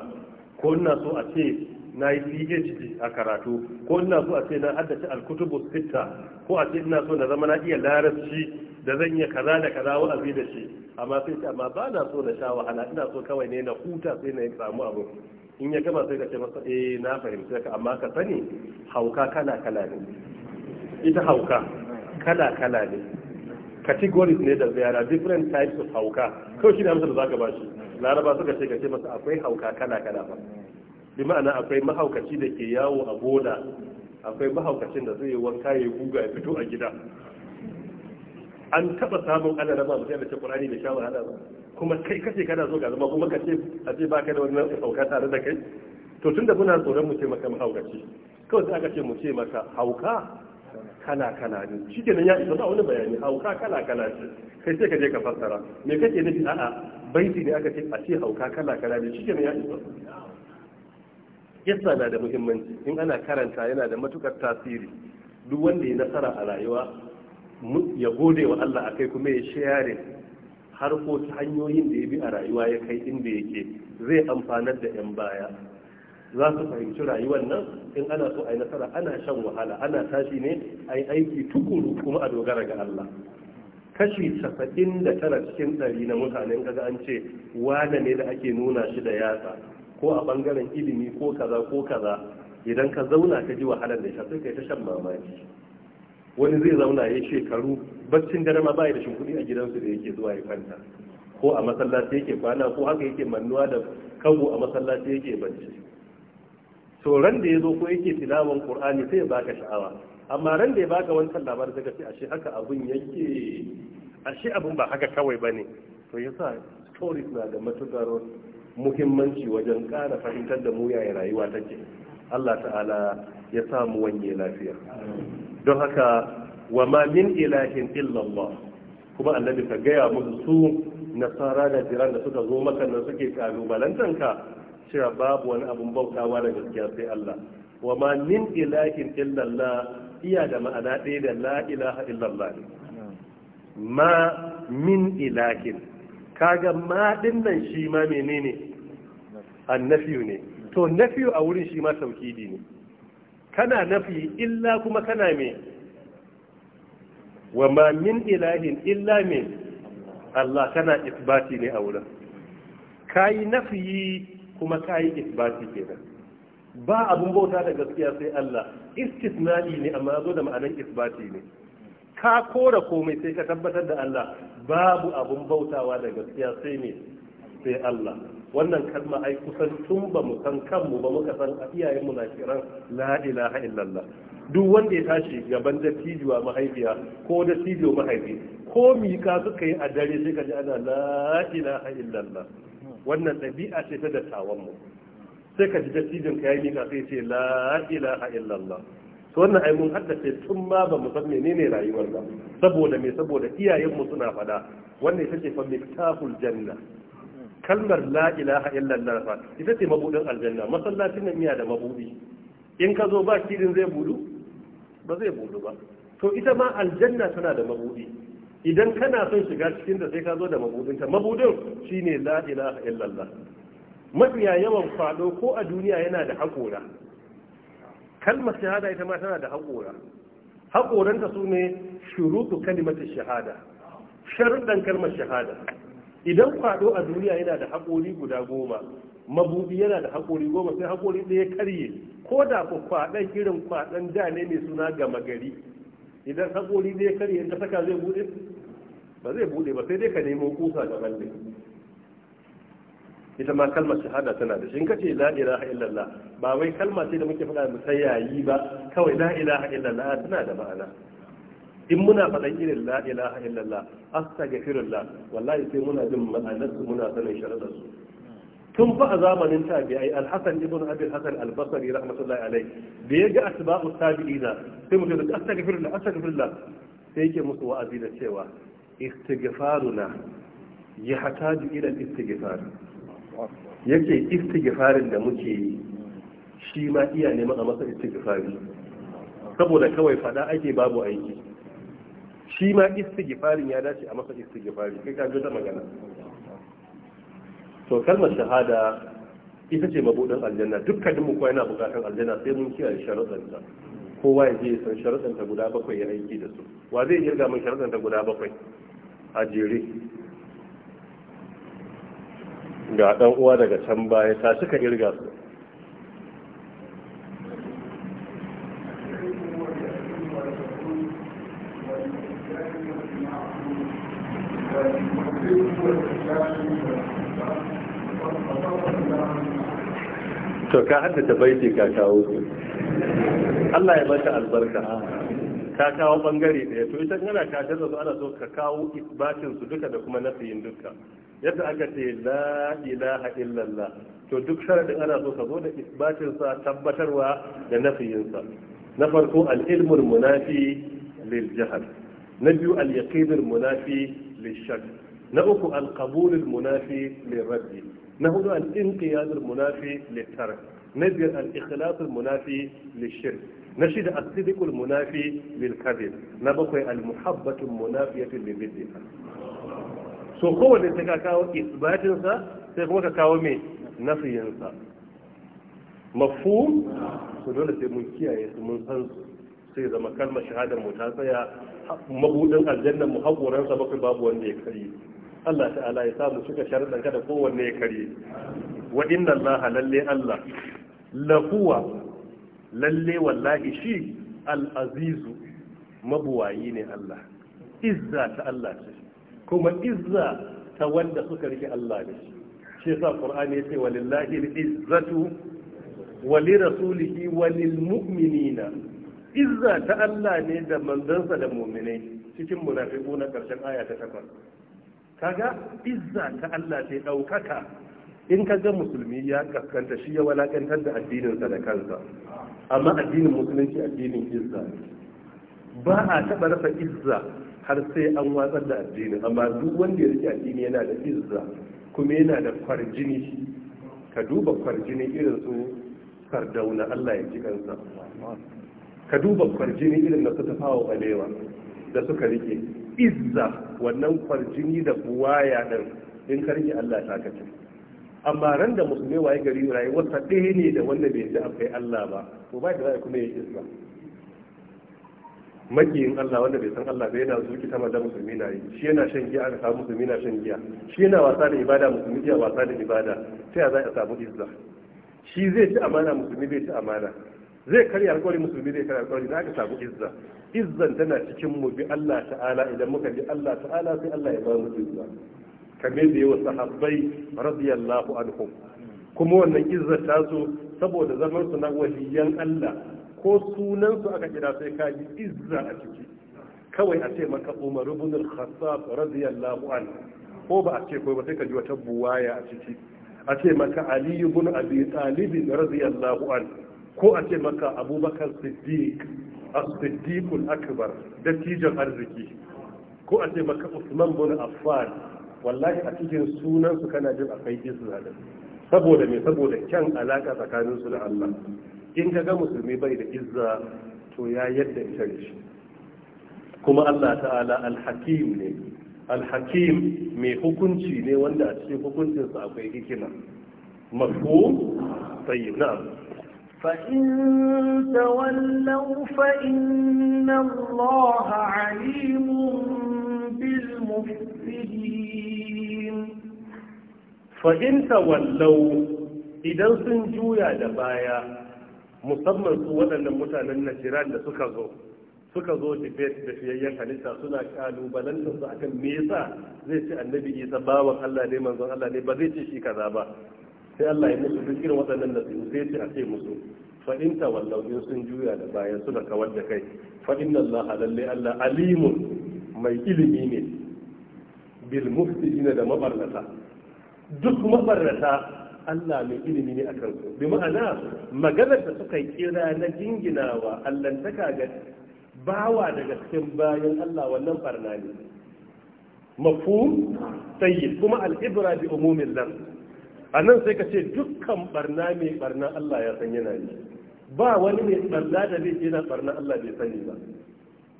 ko ina so a ce na yi phd a karatu ko ina so a ce na haddace alkutubu sitta ko a ce ina so na zama na iya larabci da zan iya kaza da kaza wa'azi da shi amma sai ce amma ba na so na sha wahala ina so kawai ne na huta sai na yi samu abu in ya gama sai ka ce masa eh na fahimci ka amma ka sani hauka kala kala ne ita hauka kala kala ne categories ne da there are different types of hauka kawai shi ne amsar da zaka bashi laraba suka ce ka ce masa akwai hauka kala kala ba bi ma'ana akwai mahaukaci da ke yawo a boda akwai mahaukacin da zai wanka ya guga ya fito a gida an taba samun ana raba mutum da ce kurani da sha wahala ba kuma kai kace kana so ka zama kuma kace a ce baka da wannan sauka tare da kai to tunda muna tsoron mu ce maka mahaukaci kawai sai aka ce mu ce maka hauka kala kala ne shi kenan ya isa ba wani bayani hauka kala kala ce kai sai ka je ka fassara me kake nufi a'a baiti ne aka ce a ce hauka kala kala ne shi kenan ya isa yasa na da muhimmanci in ana karanta yana da matukar tasiri duk wanda ya nasara a rayuwa ya gode wa Allah akai kuma ya share Har ko ta hanyoyin da ya bi a rayuwa ya kai inda yake zai amfanar da 'yan baya za su fahimci rayuwar nan in ana so a yi nasara ana shan wahala ana tashi ne a yi aiki tukuru kuma a dogara ga Allah kashi casa'in da tara cikin ɗari na mutanen kaga an ce wane ne da ake nuna shi da yatsa ko a ɓangaren ilimi ko kaza ko kaza idan ka zauna ka ji wahalar da shi, sai kai ta shan mamaki wani zai zauna ya shekaru baccin dare ma bai da shimfiɗi a gidansu da yake zuwa ya kwanta ko a masallaci yake kwana ko haka yake mannuwa da kago a masallaci yake bacci to ran da ya zo ko yake tilawan qur'ani sai ya baka sha'awa amma ran da ya baka wancan labarin sai ka ce ashe haka abun yake ashe abun ba haka kawai bane to yasa stories na da matukar muhimmanci wajen ƙara fahimtar da mu yaya rayuwa take Allah ta'ala ya samu wanye lafiya don haka wa ma min ilahin illallah kuma annabi ka gaya musu su nasara da jiran da suka zo maka nan suke kalubalantanka cewa babu wani abun bautawa da gaskiya sai Allah wa ma min ilahin illallah iya da ma'ana ɗaya da la ilaha illallah ma min ilahin kaga ma din nan shi ma menene annafiyu ne to nafiyu a wurin shi ma tauhidi ne kana nafi illa kuma kana me wa ma min ilahin illa me Allah kana isbati ne a wurin kayi nafi kuma kayi isbati kenan ba abun bauta da gaskiya sai Allah istisna'i ne amma zo da ma'anar isbati ne ka kora komai sai ka tabbatar da Allah babu abun bautawa da gaskiya sai ne sai Allah wannan kalma ai kusan tun ba mu san kanmu ba muka san a iyayen mu na kiran la ilaha illallah duk wanda ya tashi gaban dattijuwa mahaifiya ko dattijo mahaifi ko mika suka yi a dare sai ka ji ana la ilaha illallah wannan ɗabi'a ce ta dattawan mu sai ka ji dattijin ka yi mika sai ce la ilaha illallah to wannan ai mun haddace tun ma ba mu san menene rayuwar ba saboda me saboda iyayen mu suna fada wannan ita ce fa miftahul janna kalmar la ilaha illallah fa ita ce mabudin aljanna masallacin nan miya da mabudi in ka zo ba kirin zai budu ba zai budu ba to ita ma aljanna tana da mabudi idan kana son shiga cikin da sai ka zo da ta mabudin shine la ilaha illallah mafiya yawan fado ko a duniya yana da haƙora kalmar shahada ita ma tana da haƙora haƙoranta su ne shuruɗu kalimatar shahada sharuɗan kalmar shahada idan kwado a duniya yana da haƙori guda goma mabubi yana da haƙori goma sai haƙori ɗaya karye ko da ku kwaɗan irin kwaɗan da ne mai suna gama gari idan haƙori ɗaya karye in ka saka zai buɗe ba zai buɗe ba sai dai ka nemo kusa ga balle ita ma kalmar shahada tana da shi in kace la ilaha illallah ba wai kalma ce da muke faɗa mu sai yayi ba kawai la ilaha illallah tana da ma'ana in muna faɗan irin la ilaha illallah la wallahi sai muna jin ma'anarsu muna sanin su. tun fa a zamanin tabi'ai al-hasan ibn abi al-hasan al rahmatullahi alai, da ya ga asba'u tabi'ina sai mutum da la astaghfirullah la sai yake musu wa'azi da cewa istighfaruna yahtaju ila al-istighfar yake istighfarin da muke yi shi ma iya neman a masa istighfari saboda kawai fada ake babu aiki shi ma istighfarin ya dace a masa istighfari kai ka ta magana to kalmar shahada ita ce mabudin aljanna dukkan mu yana bukatan aljanna sai mun kiyaye ta kowa ya je san ta guda bakwai ya aiki da su wa zai kirga mun ta guda bakwai a jere ga dan uwa daga can baya ta cika kirga su to ka haddata baiti ka kawo su Allah ya mata albarka ka kawo bangare ɗaya to ita kana ka da su ana so ka kawo isbatin su duka da kuma nafiyin duka yadda aka ce la ilaha illallah to duk sharadin ana so ka zo da isbatin sa tabbatarwa da nafiyinsa. sa na farko al-ilmul munafi lil jahl na biyu al-yaqinul munafi lil shak na uku al-qabulul munafi lil raddi na hudu al-inqiyadul munafi littar na biyar al-ikhlasul munafi lishirk na shida as-sidqul munafi lilkadhib na bakwai al-muhabbatul munafiyatu libid'a so kowanne sai ka kawo isbatin sa sai kuma ka kawo me nafiyin sa mafhum so dole sai mun kiyaye su mun san sai zama kalmar shahadar mu ta tsaya mabudin aljanna mu haƙoran bakwai babu wanda ya kare Allah ta'ala ya samu suka sharuɗan kada kowanne ya karye wa inna Allah lalle Allah lahuwa lalle wallahi shi al'azizu. mabuwayi ne Allah izza ta Allah ce kuma izza ta wanda suka rike Allah ne shi yasa ya yace walillahi al-izzatu wa rasulihi wa mu'minina izza ta Allah ne da manzansa da mu'minai cikin na ƙarshen aya ta takwas. kaga izza ta Allah ce ɗaukaka in ka ga musulmi ya kaskanta shi ya walakantar da addininsa da kansa amma addinin musulunci addinin izza ba a taɓa rasa izza har sai an watsar da addini amma duk wanda ya rike addini yana da izza kuma yana da kwarjini ka duba kwarjini irin su sardauna Allah ya ji kansa ka duba kwarjini irin da su tafawa balewa da suka rike izza wannan kwarjini da buwaya din in karki Allah ta kace amma ran da musulmi waye gari rayuwarsa ɗaya ne da wanda bai ji akwai Allah ba to ba da za kuma ya izza makiyin Allah wanda bai san Allah bai yana zuki ta da musulmi na yi shi yana shan giya aka samu musulmi na shan giya shi yana wasa da ibada musulmi ya wasa da ibada sai za a samu izza shi zai ci amana musulmi bai ci amana zai karya alkawari musulmi zai karya alkawari za ka samu izza izzan tana cikin mu bi Allah ta'ala idan muka bi Allah ta'ala sai Allah ya ba mu izza kamar da yawa sahabbai radiyallahu anhum kuma wannan izza ta zo saboda zaman su na waliyan Allah ko sunan su aka kira sai ka ji izza a ciki kawai a ce maka Umar ibn al-Khattab radiyallahu anhu ko ba a ce ko ba sai ka ji wata buwaya a ciki a ce maka Ali ibn Abi Talib radiyallahu anhu ko a ce maka abubakar siddiq as-siddiqul akbar dattijan arziki ko a ce maka usman bin affan wallahi a cikin sunan su kana jin akwai isra da saboda me saboda kyan alaka tsakanin su da Allah in ka ga musulmi bai da izza to ya yadda ita shi kuma Allah ta'ala al-hakim ne al-hakim mai hukunci ne wanda a cikin hukuncinsa akwai hikima mafhum tayyib na'am فإن تولوا فإن الله عليم بالمفسدين فإن تولوا idan sun juya da baya musamman su waɗannan mutanen najiran da suka zo suka zo debate da fiyayyen halitta suna kalubalen da su akan me yasa zai ce annabi isa bawan Allah ne manzon Allah ne ba zai ce shi kaza ba sai Allah ya musu duk irin waɗannan nasihu sai a ce musu fa in tawallaw in sun juya da bayan suna kawar da kai fa inna Allah lalle Allah alimun mai ilimi ne bil mufsidin da mabarrata duk mabarrata Allah mai ilimi ne a kansu bi ma'ana maganar da suka yi kira na jinginawa allantaka ga bawa daga cikin bayan Allah wannan barna ne mafhum tayyib kuma al-ibra bi umumin lafz a nan sai ka ce dukkan barna mai barna Allah ya san yana ne ba wani mai barna da zai yana barna Allah bai sani ba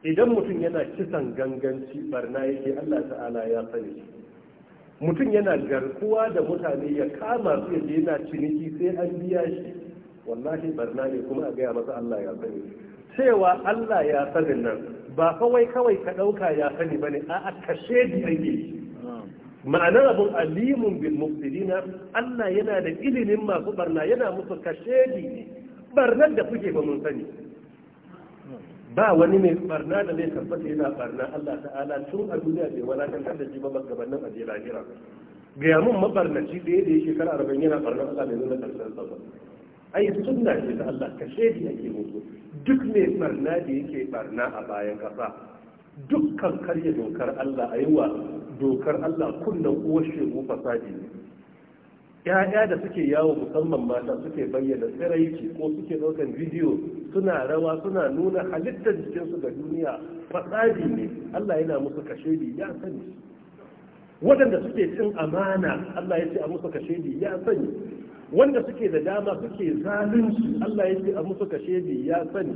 idan mutum yana kisan ganganci barna yake Allah ta'ala ya sani mutum yana garkuwa da mutane ya kama su yaje yana ciniki sai an biya shi wallahi barna ne kuma a gaya masa Allah ya sani cewa Allah ya sani nan ba kawai kawai ka ɗauka ya sani bane a'a kashe di ake ma'anar abin alimun bil mufsidina Allah yana da ilimin masu barna yana musu kashe kashedi barnar da kuke ba mun sani ba wani mai barna da mai tabbata yana barna Allah ta'ala tun a duniya bai wadatar da shi ba gabanin aje lahira gaya mun mabarnaci da ya da ya shekara arba'in yana barna Allah bai nuna karshen sa ba ai sunna ce da Allah kashe kashedi yake musu duk mai barna da yake barna a bayan kasa dukkan karya dokar Allah a yi wa dokar Allah kullum uwar shehu fasadi ne ‘ya'ya da suke yawo musamman mata suke bayyana tsiraici ko suke ɗaukan bidiyo suna rawa suna nuna halittar jikinsu ga duniya fasadi ne Allah yana musu kashedi ya sani waɗanda suke cin amana Allah ya ce a musu kashedi ya sani wanda suke da dama suke zalunci Allah ya ce a musu kashedi ya sani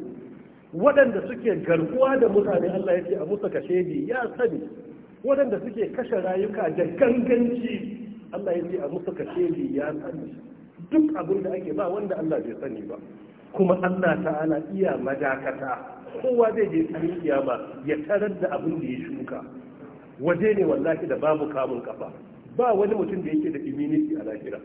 waɗanda suke garkuwa da mutane Allah ya ce a musu kashedi ya sani waɗanda suke kashe rayuka da ganganci Allah ya ce a musu kashe ya sani duk abin da ake ba wanda Allah bai sani ba kuma Allah ta'ala iya madakata kowa zai je tsarin kiyama ya tarar da abin da ya shuka waje ne wallahi da babu kamun kafa ba wani mutum da yake da immunity a lahira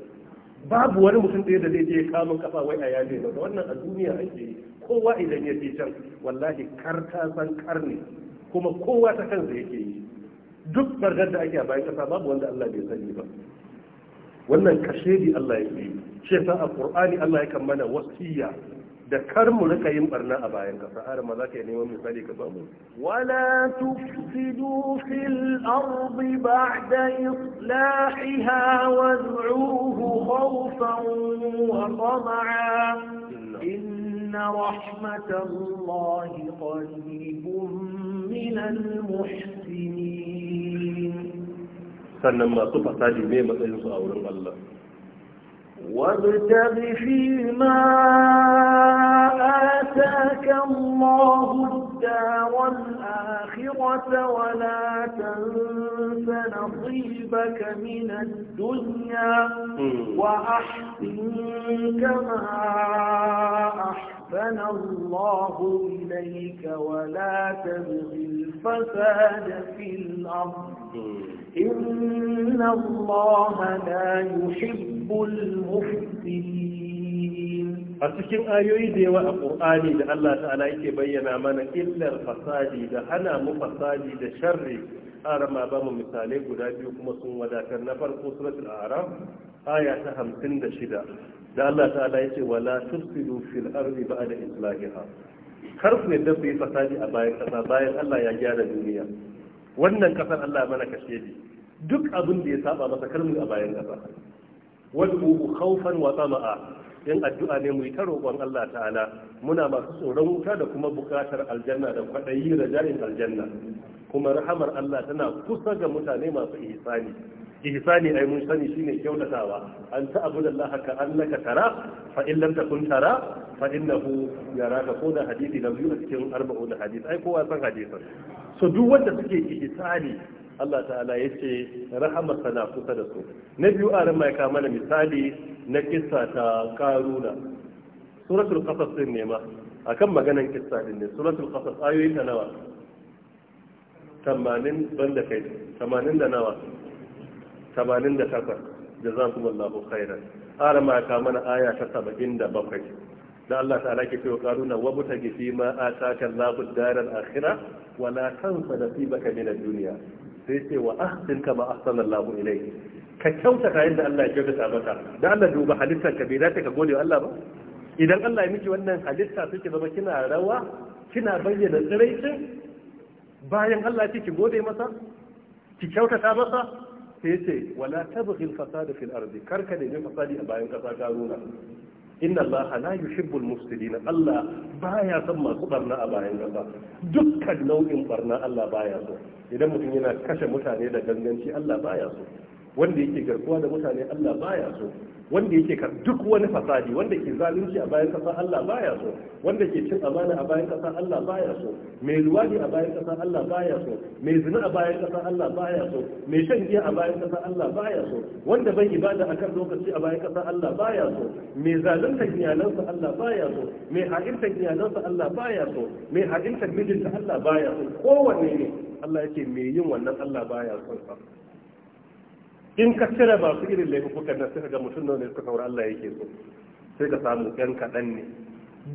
babu wani mutum da zai je kamun kafa wai a yaje da wannan a duniya ake yi kowa idan ya je can wallahi kar san karni kuma kowa ta kansa yake yi duk bargar da ake a bayan kasa babu wanda Allah bai sani ba wannan kashedi Allah ya yi shi yasa a Qur'ani Allah ya mana wasiya da kar mu rika yin barna a bayan kasa har ma zaka neman misali ka samu wala tufsidu fil ardi ba'da islahiha wad'uhu khawfan wa tama'a إن رحمة الله قريب من sannan masu fasadi ne matsayinsu a wurin Allah وابتغ فيما آتاك الله الدار الآخرة ولا تنس نصيبك من الدنيا وأحسن كما أحسن الله إليك ولا تبغي الفساد في الأرض إن الله لا يحب المفسدين أتكلم آيوي ديوة القرآن ده الله تعالى يكي بينا مانا إلا الفساد ده أنا مفساد ده شر أرى ما بام مثالي قد أبيكم سن وذاكر نفر قصرة الأعراف آية همسن ده شدا ده الله تعالى يكي ولا تفسدوا في الأرض بعد إصلاحها kar ku yadda ku yi fasadi a bayan ƙasa bayan Allah ya gyara duniya wannan kasar Allah mana kashedi duk abin da ya saba masa kalmu a bayan gaba ubu khawfan wa tama'a in addu'a ne mu yi ta roƙon Allah ta'ala muna masu tsoron wuta da kuma buƙatar aljanna da kwaɗayi da jarin aljanna kuma rahamar Allah tana kusa ga mutane masu ihsani ihsani ai mun sani shine kyautatawa an ta'budu Allah ka annaka tara fa in lam takun tara fa innahu yaraka ko da hadisi da biyu a cikin arba'u da hadisi ai kowa san hadisin so duk wanda suke ihsani Allah ta'ala ya ce rahamar sana kusa da su na biyu a mai kama mana misali na kissa ta karuna suratul qasas din ne ma akan maganan kissa din ne suratul qasas ayoyi ta nawa 80 banda kai 80 da nawa 88 جزاكم الله خيرا قال ما كامن آية سبعين ta بقي da Allah ta'ala ke cewa karuna wa buta fi ma ataka Allahu daral akhirah wa la tansa nasibaka min ad-dunya sai ce wa ahsin kama ahsana Allahu ilayk ka kyauta kayan da Allah ya kyautata maka da Allah duba halittar ka bai ta ka gode wa Allah ba idan Allah ya miki wannan halitta ki zama kina rawa kina bayyana tsiraicin bayan Allah ya ce ki gode masa ki kyautata masa sai ce wala tabghi al-fasada fil ardi karka da ne fasadi a bayan kasa garuna inna allaha la yuhibbu al-mufsidin Allah baya son masu barna a bayan kasa dukkan nau'in barna Allah baya so idan mutum yana kashe mutane da ganganci Allah baya so wanda yake garkuwa da mutane Allah baya so wanda yake kar duk wani fasadi wanda ke zalunci a bayan kasa Allah baya so wanda ke cin amana a bayan kasa Allah baya so mai luwadi a bayan kasa Allah baya so mai zina a bayan kasa Allah baya so mai shan giya a bayan kasa Allah baya so wanda bai ibada a kan lokaci a bayan kasa Allah baya so mai zalunta sa Allah baya so mai ha'inta sa Allah baya so mai ha'inta mijinta Allah baya so kowanne ne Allah yake mai yin wannan Allah baya so in ka cire masu irin laifukan nan ka ga mutum ne suka saura Allah yake so sai ka samu yan kaɗan ne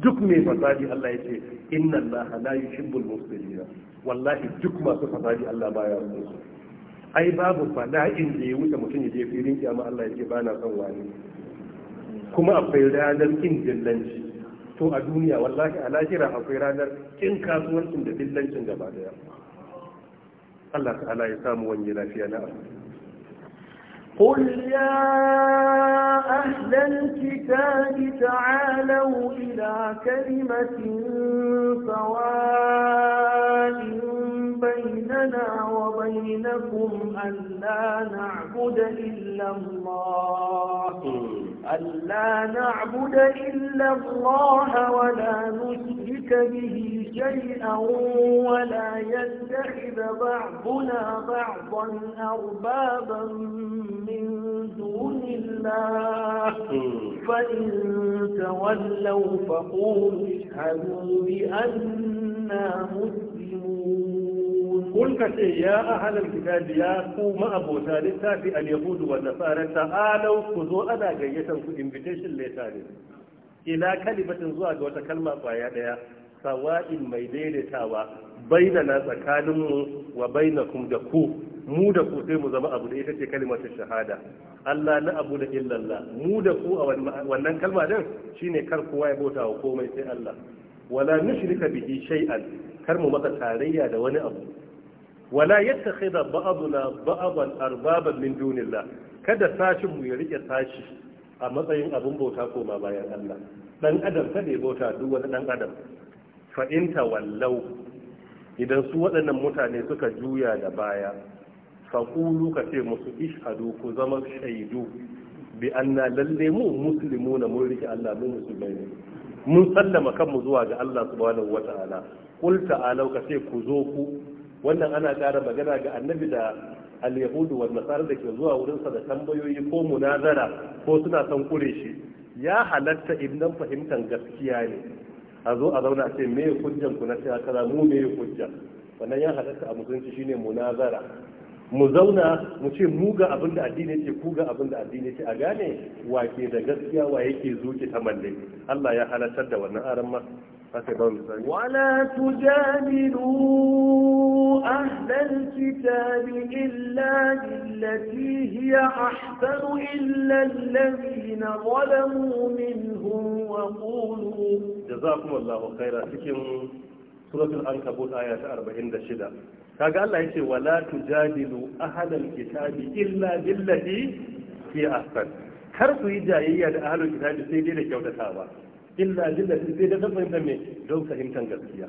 duk mai fasadi Allah ya ce inna Allah la yuhibbul mufsidin wallahi duk masu fasadi Allah baya so ai babu fada'in da ya wuce mutum ya je filin kiyama Allah ya ce bana son wani kuma akwai ranar kin dillanci to a duniya wallahi a lahira akwai ranar kin kasuwancin da dillancin gaba daya Allah ta'ala ya samu wani lafiya na قل يا أهل الكتاب تعالوا إلى كلمة سواء بيننا وبينكم ألا نعبد إلا الله ألا نعبد إلا الله ولا نشرك يشرك به شيئا ولا يتخذ بعضنا بعضا أربابا من دون الله فإن تولوا فقولوا اشهدوا بأننا مسلمون قل كشي يا أهل الكتاب يا قوم أبو ثالثة اليهود والنصارى تعالوا خذوا أنا جيتهم في انفيتيشن letter ila kalimatin zuwa ga wata kalma kwaya daya sawa'in mai daidaitawa bainana tsakaninmu wa bainakum da ku mu da ku sai mu zama abu da ita ce kalimatar shahada Allah na abu da illallah mu da ku a wannan kalma din shine kar kowa ya bauta wa komai sai Allah wala nushrika bihi shay'an kar mu masa tarayya da wani abu wala yattakhidha ba'duna ba'dan arbaban min dunillah kada sashin mu ya rike sashi a matsayin abin bauta koma bayan Allah dan adam ta ne bauta duk wani dan adam fa in tawallau idan su waɗannan mutane suka juya da baya fa qulu ka ce musu ishadu ku zama shaidu bi anna lalle mu muslimuna mun rike Allah mu musulmai ne mun sallama kanmu zuwa ga Allah subhanahu wataala qul ta'alau ka ce ku zo ku wannan ana ƙara magana ga annabi da al-yahudu wal nasara da ke zuwa sa da tambayoyi ko munazara ko suna son kure shi ya halatta idan fahimtar gaskiya ne a zo a zauna a ce me hujjan ku na cewa kaza mu me hujja wannan ya halatta a musulunci shine munazara mu zauna mu ce mu ga abin da addini ce ku ga abin da addini ce a gane wa ke da gaskiya wa yake zuke ta malle Allah ya halatta da wannan aran ma sai ba misali wala tujadilu أهل الكتاب إلا بالتي هي أحسن إلا الذين ظلموا منهم وقولوا جزاكم الله خيرا سكم سورة الأنكبوت آية أربع عند الشدة كاقال الله ولا تجادلوا أهل الكتاب إلا بالتي هي أحسن كرف يجاي يا أهل الكتاب سيدي لك يودتها إلا بالتي سيدي لك يودتها دوك همتن قصيا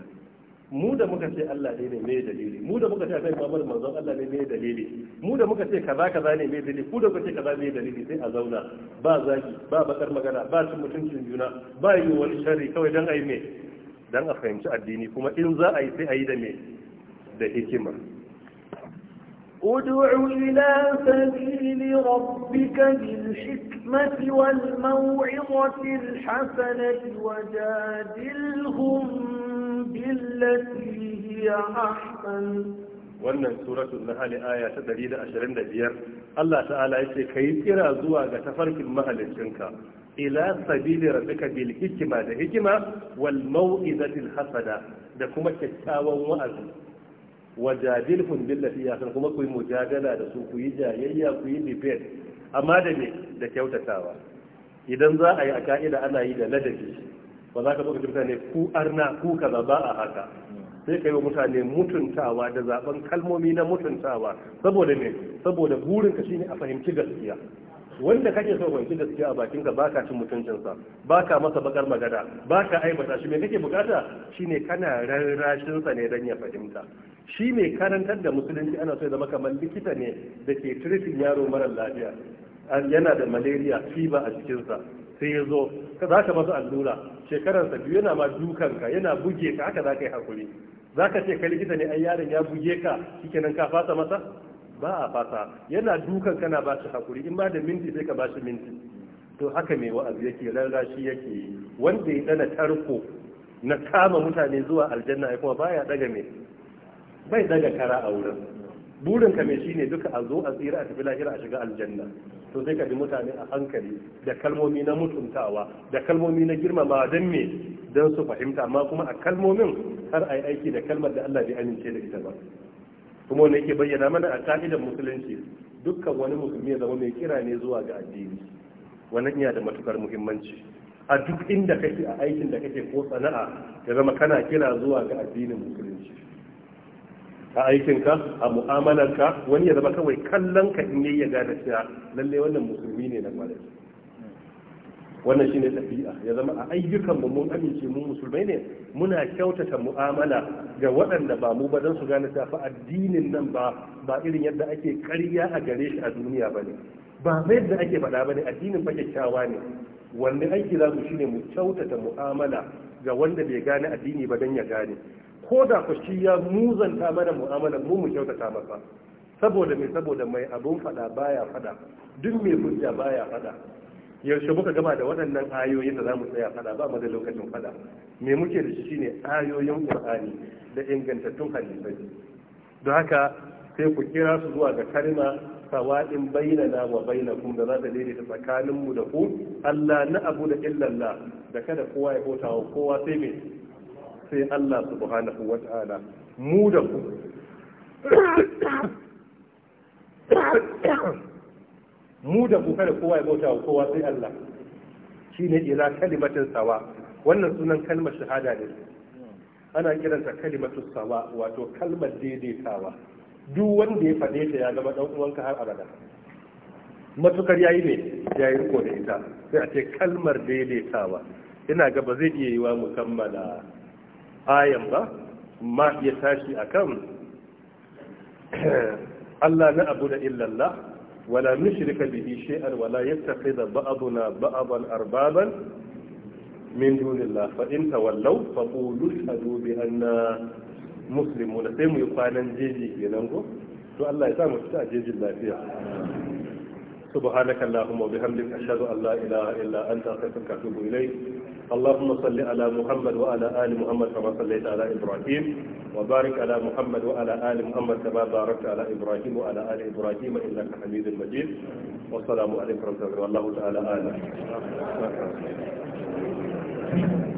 mu da muka ce Allah ne ne mai dalili mu da muka ce annabi Muhammad manzon Allah ne mai dalili mu da muka ce kaza kaza ne mai dalili ku da kuka ce kaza mai dalili sai a zauna ba zaki ba bakar magana ba cin mutuncin juna ba yi wani sharri kawai dan ayi me dan a fahimci addini kuma in za a yi sai a yi da me da hikima rabbika bil hikmati wal maw'izati al hasanati wajadilhum billati hiya ahsan wannan suratul nahl aya ta 125 Allah ta'ala yace kai kira zuwa ga tafarkin mahaliccinka ila sabili rabbika bil hikma da hikima wal mau'izatil hasada da kuma kyakkyawan wa'azi wajadilhum billati yasan kuma ku mujadala da su ku yi jayayya ku yi debate amma da me da kyautatawa idan za a yi a ka'ida ana yi da ladabi ba za ka zo ka mutane ku arna ku kaza ba a haka sai ka yi wa mutane mutuntawa da zaben kalmomi na mutuntawa saboda ne saboda burin ka shine a fahimci gaskiya wanda kake so fahimci gaskiya a bakin ka baka cin mutuncinsa baka masa bakar magana baka aibata shi me kake bukata shine kana rarrashin sa ne dan ya fahimta shi mai karantar da musulunci ana so ya zama kamar likita ne da ke trifin yaro mara lafiya yana da malaria fever a jikinsa sai ya zo ka za ka masa allura shekararsa biyu yana ma dukanka yana buge ka haka za ka yi hakuri za ka ce ka likita ne ai yaron ya buge ka nan ka fasa masa ba a fasa yana dukan kana ba shi hakuri in ba da minti sai ka ba shi minti to haka mai wa'azi yake rarrashi yake wanda ya dana tarko na kama mutane zuwa aljanna ya kuma baya daga mai bai daga kara a wurin burinka mai shine duka a zo a tsira a tafi lahira a shiga aljanna to sai ka bi mutane a hankali da kalmomi na mutuntawa da kalmomi na girmama don me don su fahimta amma kuma a kalmomin har a yi aiki da kalmar da Allah bai amince da ita ba kuma wanda yake bayyana mana a ka'idar musulunci dukkan wani musulmi ya zama mai kira ne zuwa ga addini wannan yana da matukar muhimmanci a duk inda kake a aikin da kake ko sana'a ya zama kana kira zuwa ga addinin musulunci a aikinka a mu'amalarka wani ya zama kawai kallon ka in yayi ya gane cewa lalle wannan musulmi ne na kwarai wannan shine tafiya ya zama a ayyukan mu mun amince mu musulmai ne muna kyautata mu'amala ga waɗanda ba mu ba dan su gane cewa addinin nan ba ba irin yadda ake ƙarya a gare shi a duniya bane ba mai yadda ake faɗa bane addinin fa kyakkyawa ne wanda aiki za mu shine mu kyautata mu'amala ga wanda bai gane addini ba dan ya gane ko da ku shi ya muzanta mana mu'amalar mu mu kyautata masa saboda mai saboda mai abun fada baya fada duk mai hujja baya fada yaushe muka gama da waɗannan ayoyin da za mu tsaya fada ba mu da lokacin fada me muke da shi shine ayoyin qur'ani da ingantattun hadisi don haka sai ku kira su zuwa ga karima sawa'in bainana wa bainakum da za ta daidaita mu da ku Allah na abu da illallah da kada kowa ya kotawa kowa sai mai sai Allah subhanahu wa ta'ala mu da ku mu da ku kada kowa ya bauta wa kowa sai Allah shine ila kalimatin sawa wannan sunan kalmar shahada ne ana kiranta kalimatu sawa wato kalmar daidaitawa duk wanda ya fade ta ya zama dan uwanka har abada matukar yayi ne yayi riko da ita sai a ce kalmar daidaitawa ina ga ba zai iya yi wa kammala. ayan ba ma ya tashi akan Allah na abu da illallah wala nushrika bihi shay'an wala yattakhidha ba'duna ba'dan arbaban min dunillah fa in tawallaw fa qulu ashhadu bi anna muslimuna sai mu kwanan jeji kenan ko to Allah ya sa mu fita jejin lafiya subhanakallahumma wa bihamdika ashhadu an la ilaha illa anta astaghfiruka wa atubu ilayk اللهم صل على محمد وعلى آل محمد كما صليت على إبراهيم وبارك على محمد وعلى آل محمد كما باركت على إبراهيم وعلى آل إبراهيم إنك حميد مجيد والسلام عليكم ورحمة الله والله تعالى أعلم